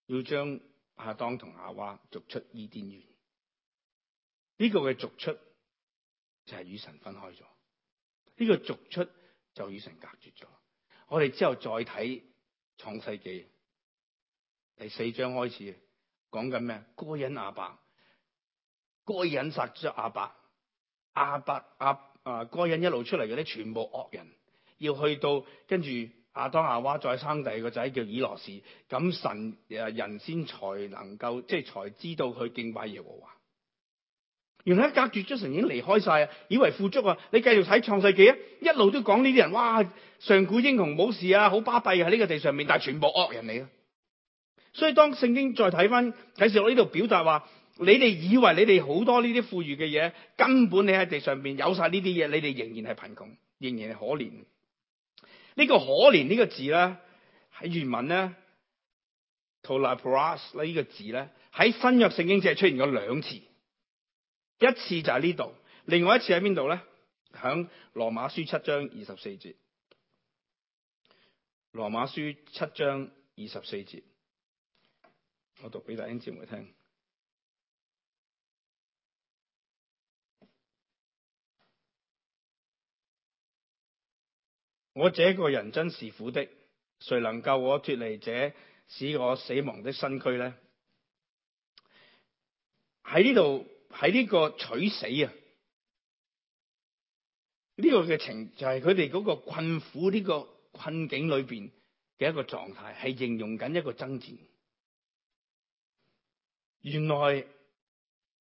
要將亞當同夏娃逐出伊甸園。呢、這個嘅逐出就係與神分開咗，呢、這個逐出就與神隔絕咗。我哋之後再睇創世記第四章開始。講緊咩？該隱阿伯，該隱殺咗亞伯，亞伯亞伯啊，該隱一路出嚟嗰啲全部惡人，要去到跟住亞當阿娃再生第二個仔叫以挪士，咁神誒人先才能夠即係才知道佢敬拜耶和華。原來隔住約瑟神已經離開晒啊，以為富足啊，你繼續睇創世記啊，一路都講呢啲人哇，上古英雄冇事啊，好巴閉啊喺呢個地上面，但係全部惡人嚟啊！所以當聖經再睇翻睇住我呢度表達話，你哋以為你哋好多呢啲富裕嘅嘢，根本你喺地上邊有晒呢啲嘢，你哋仍然係貧窮，仍然係可憐。呢個可憐呢個字咧喺原文咧，tolipras 呢個字咧喺新約聖經只係出現咗兩次，一次就喺呢度，另外一次喺邊度咧？響羅馬書七章二十四節。羅馬書七章二十四節。我讀俾弟兄姊妹聽。我這個人真是苦的，誰能夠我脫離這使我死亡的身軀呢？喺呢度喺呢個取死啊！呢、這個嘅情就係佢哋嗰個困苦呢個困境裏邊嘅一個狀態，係形容緊一個爭戰。原來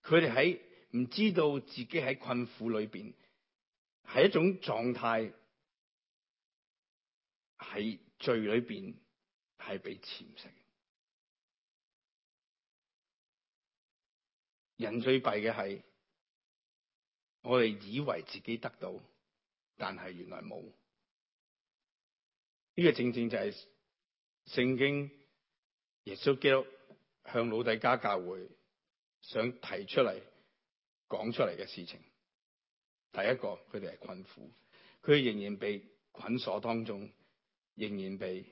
佢哋喺唔知道自己喺困苦裏邊，係一種狀態喺罪裏邊係被蠶食。人最弊嘅係我哋以為自己得到，但係原來冇。呢個正正就係聖經耶穌基督，向老底加教會想提出嚟講出嚟嘅事情，第一個佢哋係困苦，佢仍然被捆鎖當中，仍然被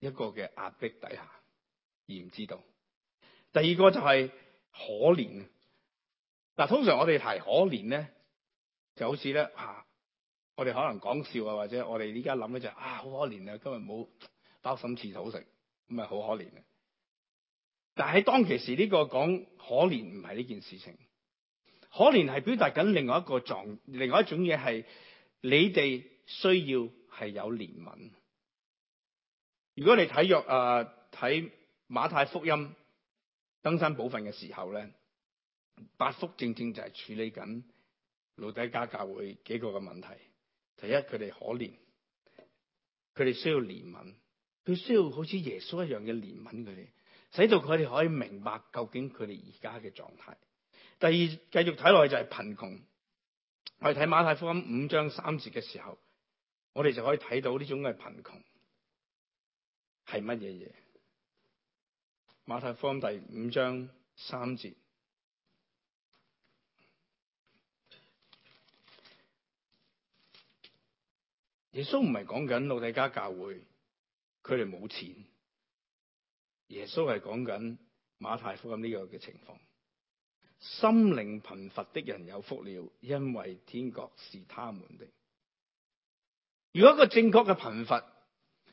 一個嘅壓迫底下而唔知道。第二個就係可憐。嗱、啊，通常我哋提可憐咧，就好似咧吓，我哋可能講笑啊，或者我哋依家諗嘅就啊，好可憐啊，今日冇包心翅好食。咁咪好可憐嘅，但係當其時呢個講可憐唔係呢件事情，可憐係表達緊另外一個狀，另外一種嘢係你哋需要係有憐憫。如果你睇約啊睇馬太福音登山寶訓嘅時候咧，八福正正就係處理緊路底加教會幾個嘅問題。第一，佢哋可憐，佢哋需要憐憫。佢需要好似耶穌一樣嘅憐憫佢哋，使到佢哋可以明白究竟佢哋而家嘅狀態。第二，繼續睇落去就係貧窮。我哋睇馬太福音五章三節嘅時候，我哋就可以睇到呢種嘅貧窮係乜嘢嘢。馬太福音第五章三節。耶穌唔係講緊老底加教會。佢哋冇錢，耶穌係講緊馬太福音呢個嘅情況。心靈貧乏的人有福了，因為天國是他們的。如果一個正確嘅貧乏，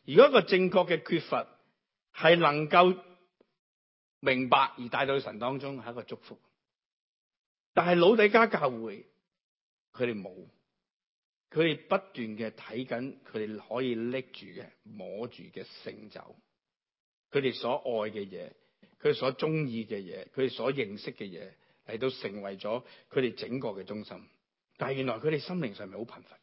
如果一個正確嘅缺乏，係能夠明白而帶到神當中係一個祝福。但係老底嘉教會，佢哋冇。佢哋不斷嘅睇緊，佢哋可以拎住嘅、摸住嘅成就，佢哋所愛嘅嘢，佢哋所中意嘅嘢，佢哋所認識嘅嘢，嚟到成為咗佢哋整個嘅中心。但係原來佢哋心靈上面好貧乏。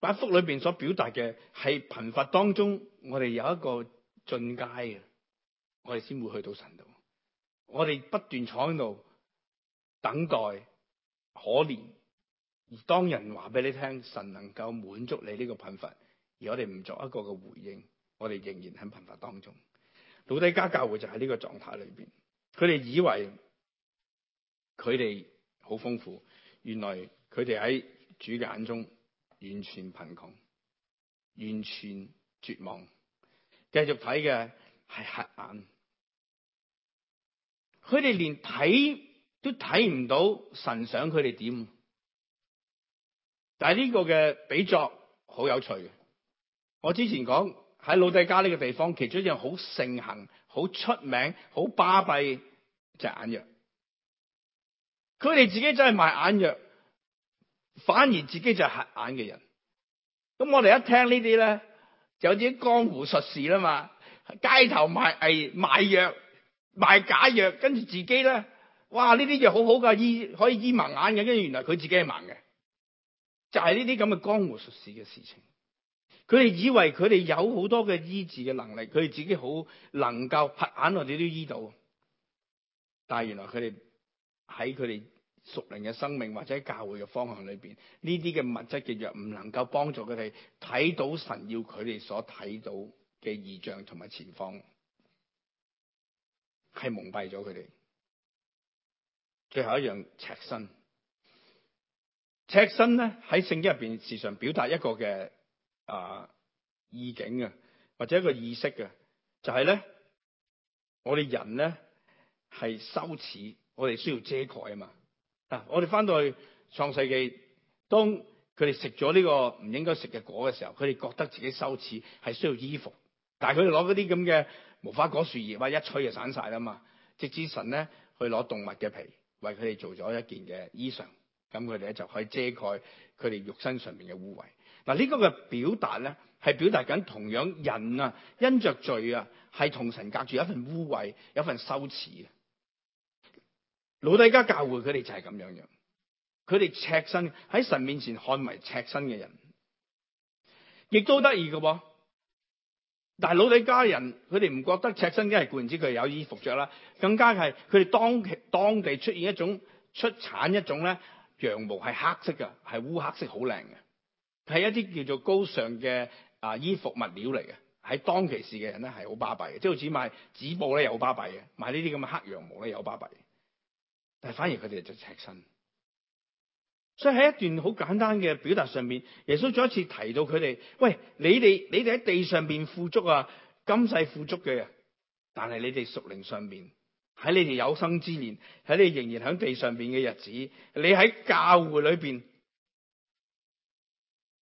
八福裏邊所表達嘅係貧乏當中，我哋有一個進階嘅，我哋先會去到神度。我哋不斷坐喺度等待、可憐。而當人話俾你聽，神能夠滿足你呢個貧乏，而我哋唔作一個嘅回應，我哋仍然喺貧乏當中。老底嘉教會就喺呢個狀態裏邊，佢哋以為佢哋好豐富，原來佢哋喺主嘅眼中完全貧窮，完全絕望。繼續睇嘅係瞎眼，佢哋連睇都睇唔到神想佢哋點。但係呢個嘅比作好有趣嘅，我之前講喺老底嘉呢個地方，其中一樣好盛行、好出名、好巴閉就是眼藥。佢哋自己真係賣眼藥，反而自己就瞎眼嘅人。咁我哋一聽呢啲咧，就有啲江湖術士啦嘛，街頭賣誒賣藥、賣假藥，跟住自己咧，哇呢啲藥好好噶，醫可以醫盲眼嘅，跟住原來佢自己係盲嘅。就係呢啲咁嘅江湖術士嘅事情，佢哋以為佢哋有好多嘅醫治嘅能力，佢哋自己好能夠拍眼我哋都醫到，但係原來佢哋喺佢哋屬靈嘅生命或者教會嘅方向裏邊，呢啲嘅物質嘅藥唔能夠幫助佢哋睇到神要佢哋所睇到嘅異象同埋前方，係蒙蔽咗佢哋。最後一樣赤身。赤身咧，喺聖經入邊時常表達一個嘅啊意境啊，或者一個意識啊，就係咧，我哋人咧係羞恥，我哋需要遮蓋啊嘛。嗱、啊，我哋翻到去創世紀，當佢哋食咗呢個唔應該食嘅果嘅時候，佢哋覺得自己羞恥，係需要衣服，但係佢哋攞嗰啲咁嘅無花果樹葉啊，一吹就散晒啦嘛。直至神咧去攞動物嘅皮為佢哋做咗一件嘅衣裳。咁佢哋咧就可以遮蓋佢哋肉身上面嘅污穢嗱。這個、呢個嘅表達咧係表達緊同樣人啊，因着罪啊，係同神隔住一份污穢，有份羞恥嘅。老底嘉教會佢哋就係咁樣樣，佢哋赤身喺神面前看埋赤身嘅人，亦都得意嘅。但係老底嘉人佢哋唔覺得赤身嘅係固然之佢有衣服着啦，更加係佢哋當當地出現一種出產一種咧。羊毛係黑色嘅，係烏黑色，好靚嘅，係一啲叫做高尚嘅啊、呃、衣服物料嚟嘅。喺當其時嘅人咧，係好巴閉嘅，即係好似買紫布咧又巴閉嘅，買呢啲咁嘅黑羊毛咧又巴閉。但係反而佢哋就赤身，所以喺一段好簡單嘅表達上面，耶穌再一次提到佢哋，喂，你哋你哋喺地上邊富足啊，今世富足嘅，但係你哋屬靈上面。喺你哋有生之年，喺你仍然響地上邊嘅日子，你喺教會裏邊，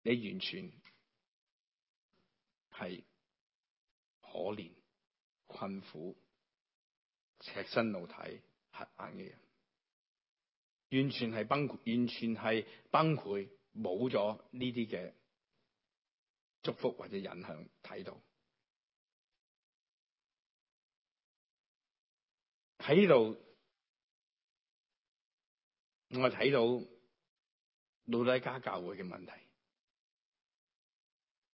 你完全係可憐、困苦、赤身露體、瞎眼嘅人，完全係崩，完全係崩潰，冇咗呢啲嘅祝福或者引向睇到。睇到我睇到老底嘉教會嘅問題，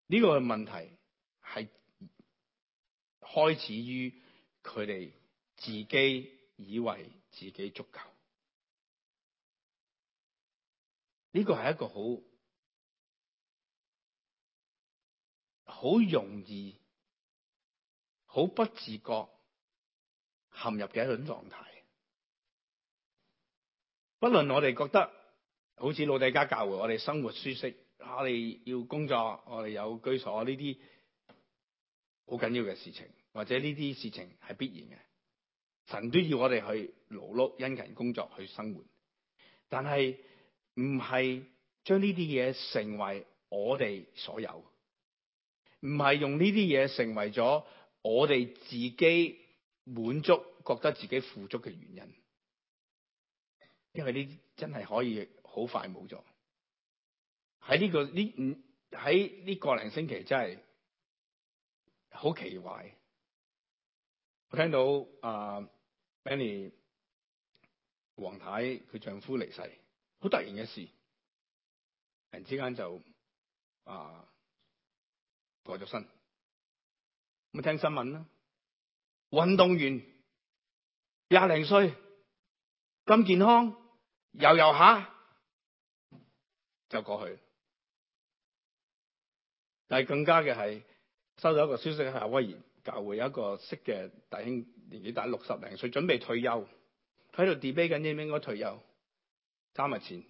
呢、這個問題係開始於佢哋自己以為自己足夠，呢、這個係一個好好容易、好不自覺。陷入嘅一種狀態，不論我哋覺得好似老底嘉教會，我哋生活舒適，我哋要工作，我哋有居所，呢啲好緊要嘅事情，或者呢啲事情係必然嘅，神都要我哋去勞碌、殷勤工作去生活，但係唔係將呢啲嘢成為我哋所有，唔係用呢啲嘢成為咗我哋自己。滿足覺得自己富足嘅原因，因為呢啲真係可以好快冇咗。喺呢、這個呢嗯，喺呢個零星期真係好奇怪。我聽到啊，Benny 黃太佢丈夫離世，好突然嘅事，突然之間就啊過咗身。咁聽新聞啦。運動員廿零歲咁健康游游下就過去，但係更加嘅係收到一個消息，喺夏威夷教會有一個識嘅大兄，年紀大六十零歲，準備退休，喺度 debate 緊應唔應該退休，三日前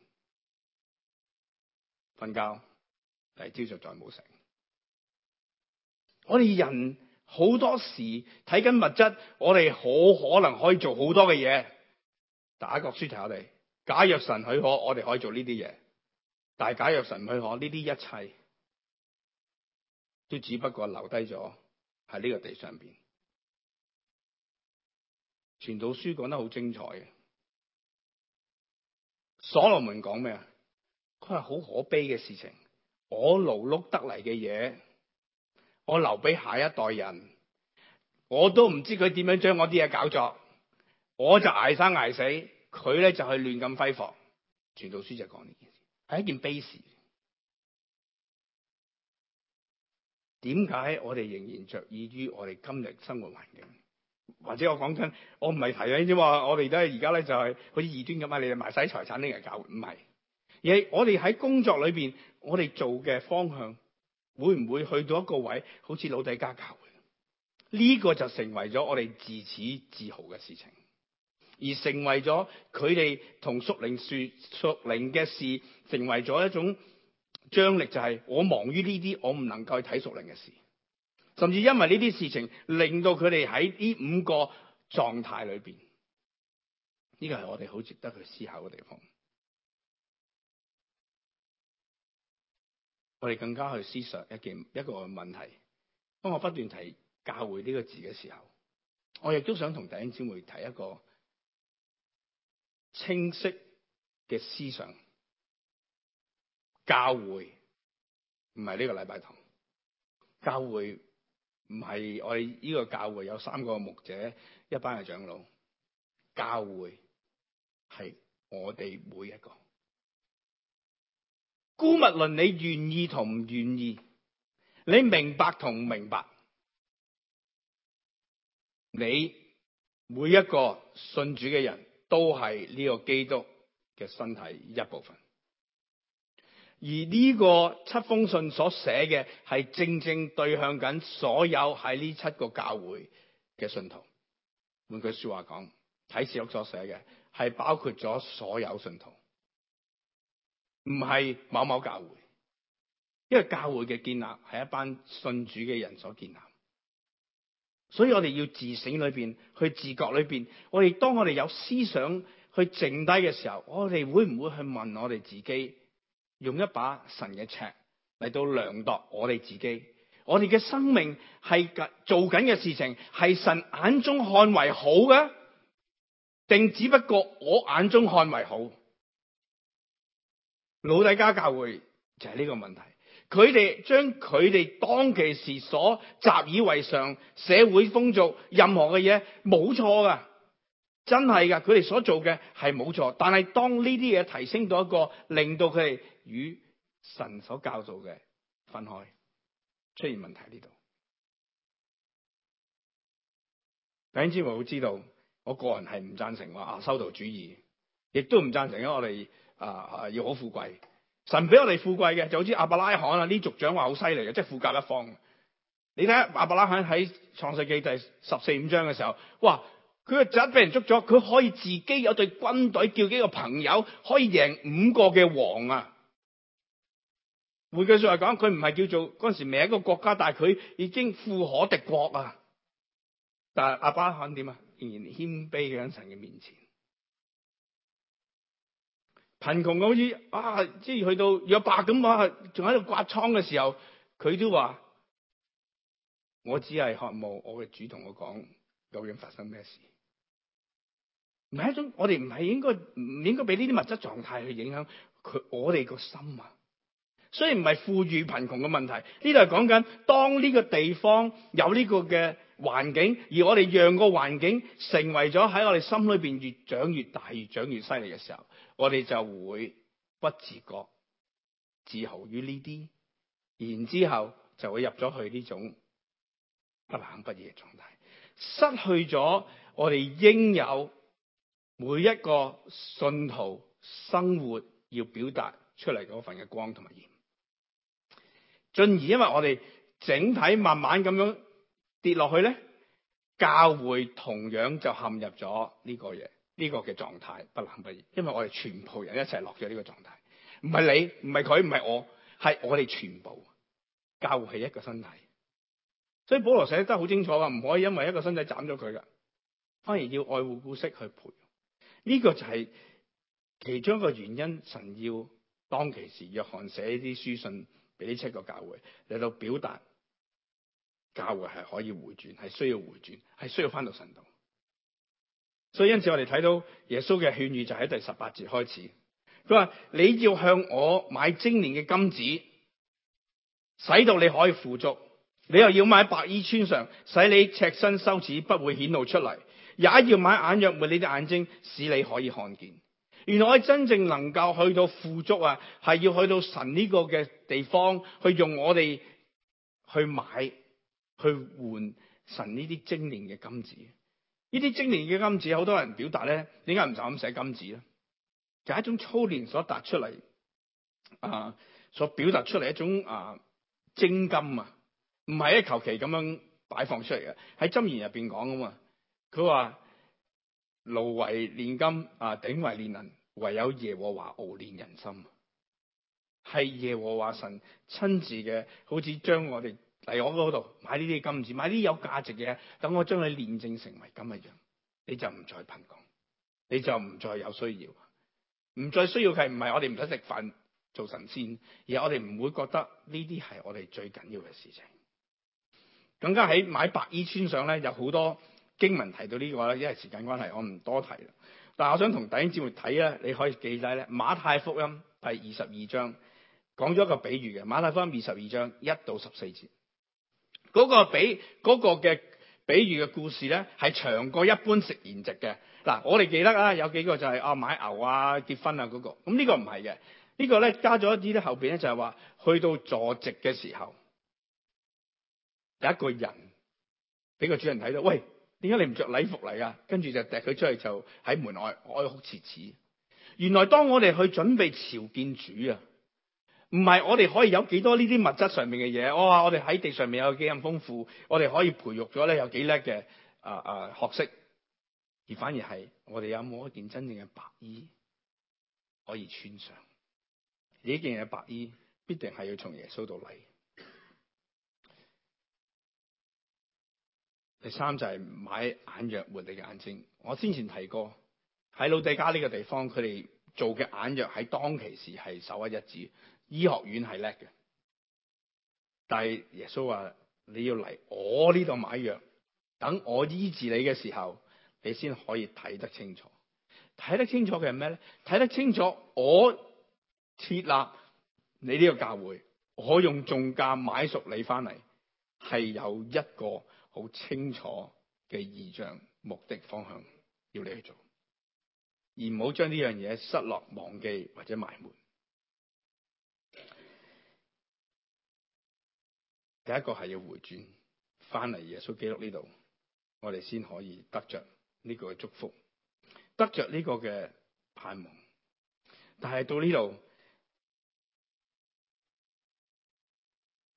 瞓覺，第二朝早再冇醒。我哋人。好多時睇緊物質，我哋好可能可以做好多嘅嘢。雅各書提我哋，假若神許可，我哋可以做呢啲嘢；但係假若神唔許可，呢啲一切都只不過留低咗喺呢個地上邊。傳道書講得好精彩嘅，所羅門講咩啊？佢係好可悲嘅事情，我勞碌得嚟嘅嘢。我留俾下一代人，我都唔知佢點樣將我啲嘢搞作，我就捱生捱死，佢咧就去亂咁揮霍。傳道書就講呢件事，係一件悲事。點解我哋仍然着意於我哋今日生活環境？或者我講緊，我唔係提你啫嘛，我哋咧而家咧就係好似異端，咁啊，你哋賣晒財產拎嚟搞，唔係。而係我哋喺工作裏邊，我哋做嘅方向。會唔會去到一個位，好似老底嘉教呢、這個就成為咗我哋自此自豪嘅事情，而成為咗佢哋同屬靈、屬屬靈嘅事，成為咗一種張力、就是，就係我忙於呢啲，我唔能夠去睇屬靈嘅事，甚至因為呢啲事情，令到佢哋喺呢五個狀態裏邊，呢、這個係我哋好值得去思考嘅地方。我哋更加去思索一件一個問題。當我不斷提教會呢個字嘅時候，我亦都想同弟兄姊妹提一個清晰嘅思想：教會唔係呢個禮拜堂，教會唔係我哋呢個教會有三個牧者一班嘅長老，教會係我哋每一個。姑勿論，你願意同唔願意？你明白同唔明白？你每一個信主嘅人都係呢個基督嘅身體一部分。而呢個七封信所寫嘅係正正對向緊所有喺呢七個教會嘅信徒。換句話說話講，睇啟示錄所寫嘅係包括咗所有信徒。唔係某某教會，因為教會嘅建立係一班信主嘅人所建立，所以我哋要自省裏邊，去自覺裏邊，我哋當我哋有思想去靜低嘅時候，我哋會唔會去問我哋自己，用一把神嘅尺嚟到量度我哋自己，我哋嘅生命係緊做緊嘅事情，係神眼中看為好嘅，定只不過我眼中看為好？老底嘉教會就係呢個問題，佢哋將佢哋當其時所習以為常、社會風俗、任何嘅嘢，冇錯噶，真係噶，佢哋所做嘅係冇錯，但係當呢啲嘢提升到一個令到佢哋與神所教導嘅分開，出現問題呢度。弟兄姊妹好知道，我個人係唔贊成話啊修道主義，亦都唔贊成啊我哋。啊啊！要好富貴，神俾我哋富貴嘅，就好似亞伯拉罕啊！呢族長話好犀利嘅，即係富甲一方。你睇下，亞伯拉罕喺創世紀第十四五章嘅時候，哇！佢個侄俾人捉咗，佢可以自己有隊軍隊，叫幾個朋友可以贏五個嘅王啊！換句話說嚟講，佢唔係叫做嗰陣時未一個國家，但係佢已經富可敵國啊！但係亞伯拉罕點啊？仍然謙卑喺神嘅面前。貧窮嘅好似啊，即係去到約伯咁啊，仲喺度刮倉嘅時候，佢都話我只係渴望我嘅主同我講究竟發生咩事，唔係一種我哋唔係應該唔應該俾呢啲物質狀態去影響佢我哋個心啊。所以唔係富裕貧窮嘅問題，呢度係講緊當呢個地方有呢個嘅環境，而我哋讓個環境成為咗喺我哋心裏邊越長越大、越長越犀利嘅時候，我哋就會不自覺自豪於呢啲，然之後就會入咗去呢種不冷不熱嘅狀態，失去咗我哋應有每一個信徒生活要表達出嚟嗰份嘅光同埋鹽，進而因為我哋整體慢慢咁樣。跌落去咧，教會同樣就陷入咗呢個嘢，呢、這個嘅狀態不冷不熱，因為我哋全部人一齊落咗呢個狀態，唔係你，唔係佢，唔係我，係我哋全部教會係一個身體，所以保羅寫得好清楚啊，唔可以因為一個身體斬咗佢噶，反而要愛護顧惜去培養，呢、這個就係其中一個原因，神要當其時，約翰寫啲書信俾呢七個教會嚟到表達。教會係可以回轉，係需要回轉，係需要翻到神度。所以因此我哋睇到耶穌嘅勸諭就喺第十八節開始。佢話你要向我買精煉嘅金子，使到你可以富足；你又要買白衣穿上，使你赤身羞恥不會顯露出嚟；也要買眼藥抹你的眼睛，使你可以看見。原來我真正能夠去到富足啊，係要去到神呢個嘅地方去，用我哋去買。去換神呢啲精煉嘅金子，呢啲精煉嘅金子，好多人表達咧，點解唔就咁寫金子咧？就係、是、一種操練所達出嚟，啊、呃，所表達出嚟一種啊、呃，精金啊，唔係咧求其咁樣擺放出嚟嘅。喺箴言入邊講啊嘛，佢話爐為煉金啊，鼎、呃、為煉人，唯有耶和華熬煉人心，係耶和華神親自嘅，好似將我哋。嚟我嗰度買呢啲金子，買啲有價值嘅嘢，等我將你煉證成為咁嘅樣，你就唔再貧窮，你就唔再有需要，唔再需要係唔係我哋唔使食飯做神仙，而我哋唔會覺得呢啲係我哋最緊要嘅事情。更加喺買白衣穿上咧，有好多經文提到呢、呢個咧，因為時間關係我唔多提啦。但係我想同弟兄姊妹睇咧，你可以記低咧，《馬太福音》第二十二章講咗一個比喻嘅，《馬太福音》二十二章一到十四節。嗰個比嗰嘅、那個、比喻嘅故事咧，係長過一般食筵席嘅。嗱、啊，我哋記得啊，有幾個就係、是、啊買牛啊結婚啊嗰、那個。咁、嗯這個這個、呢個唔係嘅，呢個咧加咗一啲咧後邊咧就係話，去到坐席嘅時候，有一個人俾個主人睇到，喂，點解你唔着禮服嚟啊？跟住就踢佢出去，就喺門外哀哭切齒。原來當我哋去準備朝見主啊！唔係我哋可以有幾多呢啲物質上面嘅嘢，哦？我話我哋喺地上面有幾咁豐富，我哋可以培育咗咧有幾叻嘅啊啊學識，而反而係我哋有冇一件真正嘅白衣可以穿上？呢件嘅白衣必定係要從耶穌度嚟。第三就係買眼藥抹你嘅眼睛。我先前提過喺老底嘉呢個地方，佢哋做嘅眼藥喺當其時係首屈一指。醫學院係叻嘅，但係耶穌話你要嚟我呢度買藥，等我醫治你嘅時候，你先可以睇得清楚。睇得清楚嘅係咩咧？睇得清楚我設立你呢個教會，我用重價買贖你翻嚟，係有一個好清楚嘅異象、目的、方向要你去做，而唔好將呢樣嘢失落、忘記或者埋沒。第一個係要回轉翻嚟耶穌基督呢度，我哋先可以得着呢個嘅祝福，得着呢個嘅盼望。但係到呢度，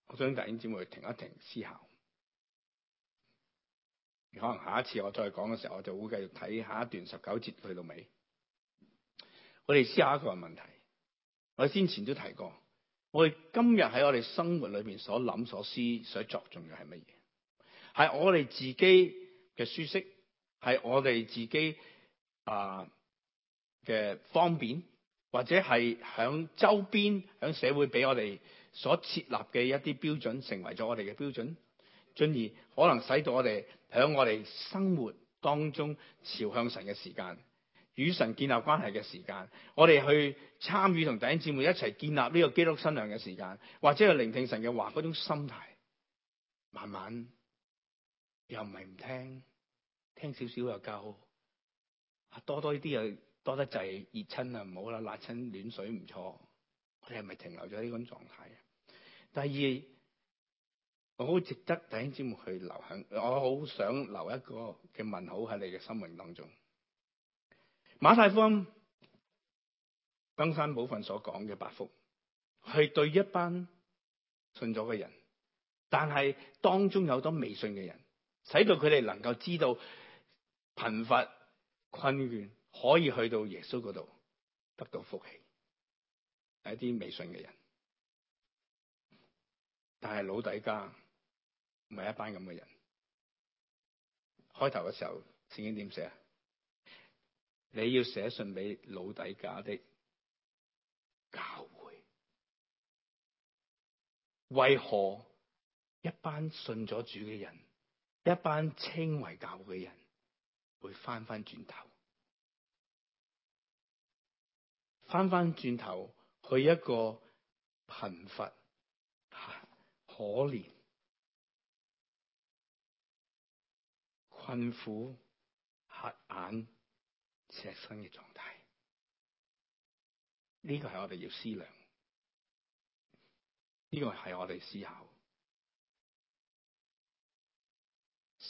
我想弟兄姊妹停一停思考。可能下一次我再講嘅時候，我就會繼續睇下一段十九節去到尾。我哋思考一個問題，我先前都提過。我哋今日喺我哋生活裏面所諗、所思所作、所着重嘅係乜嘢？係我哋自己嘅舒適，係我哋自己啊嘅方便，或者係響周邊、響社會俾我哋所設立嘅一啲標準，成為咗我哋嘅標準，進而可能使到我哋響我哋生活當中朝向神嘅時間。與神建立關係嘅時間，我哋去參與同弟兄姊妹一齊建立呢個基督新娘嘅時間，或者去聆聽神嘅話嗰種心態，慢慢又唔係唔聽，聽少少又夠，啊多多呢啲又多得滯熱親啊，唔好啦，辣親暖，暖水唔錯，我哋係咪停留咗呢種狀態啊？第二，我好值得弟兄姊妹去留響，我好想留一個嘅問號喺你嘅生命當中。馬太福音登山寶訓所講嘅八福，係對一班信咗嘅人，但係當中有多未信嘅人，使到佢哋能夠知道貧乏困倦，可以去到耶穌嗰度得到福氣，係一啲未信嘅人，但係老底嘉唔係一班咁嘅人。開頭嘅時候聖經點寫？你要寫信俾老底嘉的教會，為何一班信咗主嘅人，一班稱為教會嘅人，會翻翻轉頭，翻翻轉頭去一個貧乏、可憐、困苦、瞎眼、赤身嘅狀態，呢個係我哋要思量，呢個係我哋思考。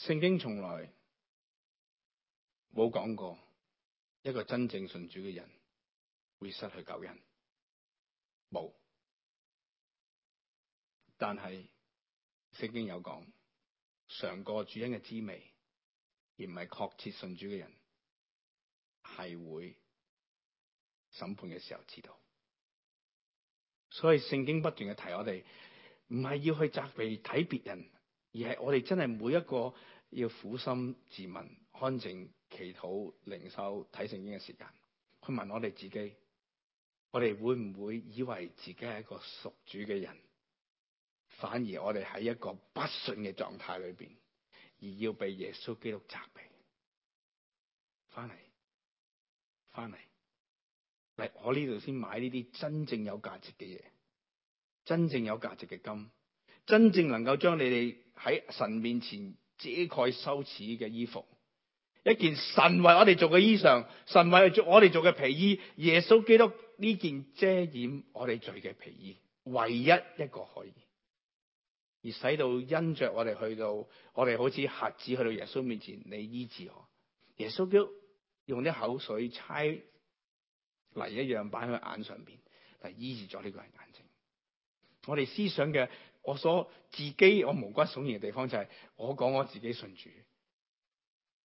聖經從來冇講過一個真正信主嘅人會失去救恩，冇。但係聖經有講，嘗過主恩嘅滋味而唔係確切信主嘅人。係會審判嘅時候知道，所以聖經不斷嘅提我哋，唔係要去責備睇別人，而係我哋真係每一個要苦心自問、安靜、祈禱、靈修睇聖經嘅時間，去問我哋自己，我哋會唔會以為自己係一個屬主嘅人，反而我哋喺一個不信嘅狀態裏邊，而要被耶穌基督責備翻嚟。翻嚟嚟，我呢度先買呢啲真正有價值嘅嘢，真正有價值嘅金，真正能夠將你哋喺神面前遮蓋羞恥嘅衣服，一件神為我哋做嘅衣裳，神為我哋做嘅皮衣，耶穌基督呢件遮掩我哋罪嘅皮衣，唯一一個可以，而使到因着我哋去到，我哋好似瞎子去到耶穌面前，你醫治我，耶穌用啲口水搓泥一樣擺喺眼上邊，嚟醫治咗呢個人眼睛。我哋思想嘅我所自己我毛骨悚然嘅地方就係、是、我講我自己信主，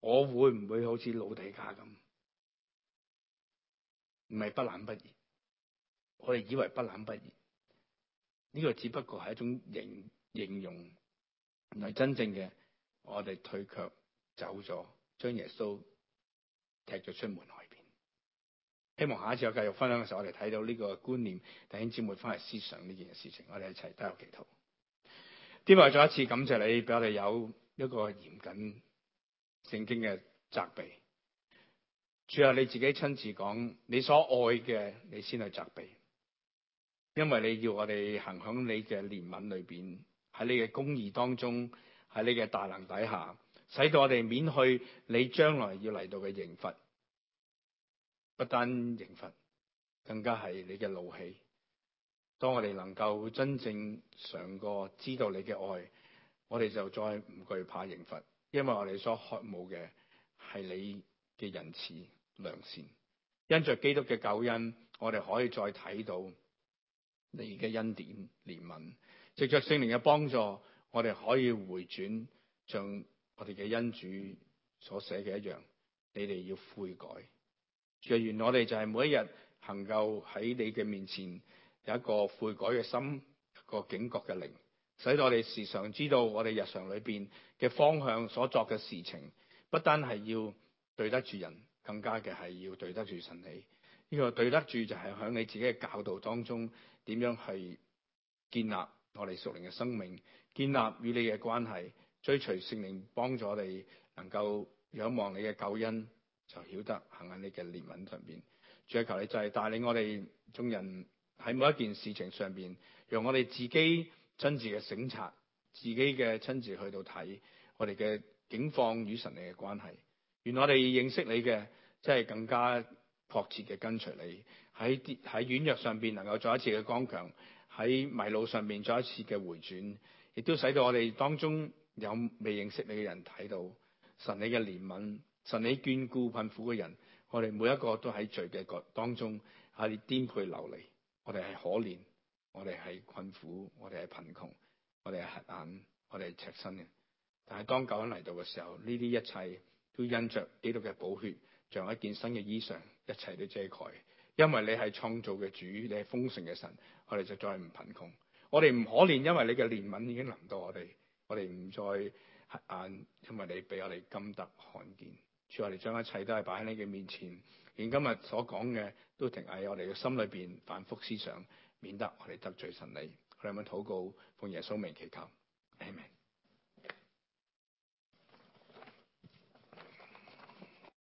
我會唔會好似老底嘉咁？唔係不冷不熱，我哋以為不冷不熱，呢、這個只不過係一種形形容，唔係真正嘅我哋退卻走咗，將耶穌。踢咗出門外邊，希望下一次我繼續分享嘅時候，我哋睇到呢個觀念，弟兄姊妹翻嚟思想呢件事情，我哋一齊帶有祈禱。天父，再一次感謝你，俾我哋有一個嚴謹聖經嘅責備。最後你自己親自講，你所愛嘅，你先去責備，因為你要我哋行響你嘅憐憫裏邊，喺你嘅公義當中，喺你嘅大能底下。使到我哋免去你將來要嚟到嘅刑罰，不單刑罰，更加係你嘅怒氣。當我哋能夠真正嘗過知道你嘅愛，我哋就再唔懼怕刑罰，因為我哋所渴慕嘅係你嘅仁慈良善。因着基督嘅救恩，我哋可以再睇到你嘅恩典、憐憫。藉着聖靈嘅幫助，我哋可以回轉，像。我哋嘅恩主所寫嘅一樣，你哋要悔改。若然我哋就係每一日能夠喺你嘅面前有一個悔改嘅心，個警覺嘅靈，使到我哋時常知道我哋日常裏邊嘅方向所作嘅事情，不單係要對得住人，更加嘅係要對得住神你。呢個對得住就係響你自己嘅教導當中，點樣去建立我哋屬靈嘅生命，建立與你嘅關係。追隨聖靈幫助我哋，能夠仰望你嘅救恩，就曉得行喺你嘅憐憫上邊。主求你就係帶領我哋眾人喺每一件事情上邊，用我哋自己親自嘅省察，自己嘅親自去到睇我哋嘅境況與神你嘅關係。願我哋認識你嘅，即係更加迫切嘅跟隨你。喺啲喺軟弱上邊，能夠再一次嘅剛強；喺迷路上面再一次嘅回轉，亦都使到我哋當中。有未認識你嘅人睇到神你嘅憐憫，神你眷顧貧苦嘅人。我哋每一個都喺罪嘅國當中，你顛沛流離。我哋係可憐，我哋係困苦，我哋係貧窮，我哋係瞎眼，我哋係赤身嘅。但係當救恩嚟到嘅時候，呢啲一切都因着基督嘅寶血，像一件新嘅衣裳，一切都遮蓋。因為你係創造嘅主，你係豐盛嘅神，我哋就再唔貧窮。我哋唔可憐，因為你嘅憐憫已經臨到我哋。我哋唔再黑眼，因為你俾我哋金得看見，主，我哋將一切都係擺喺你嘅面前，連今日所講嘅都停喺我哋嘅心裏邊反復思想，免得我哋得罪神你。我哋咁禱告，奉耶穌名祈求，阿門。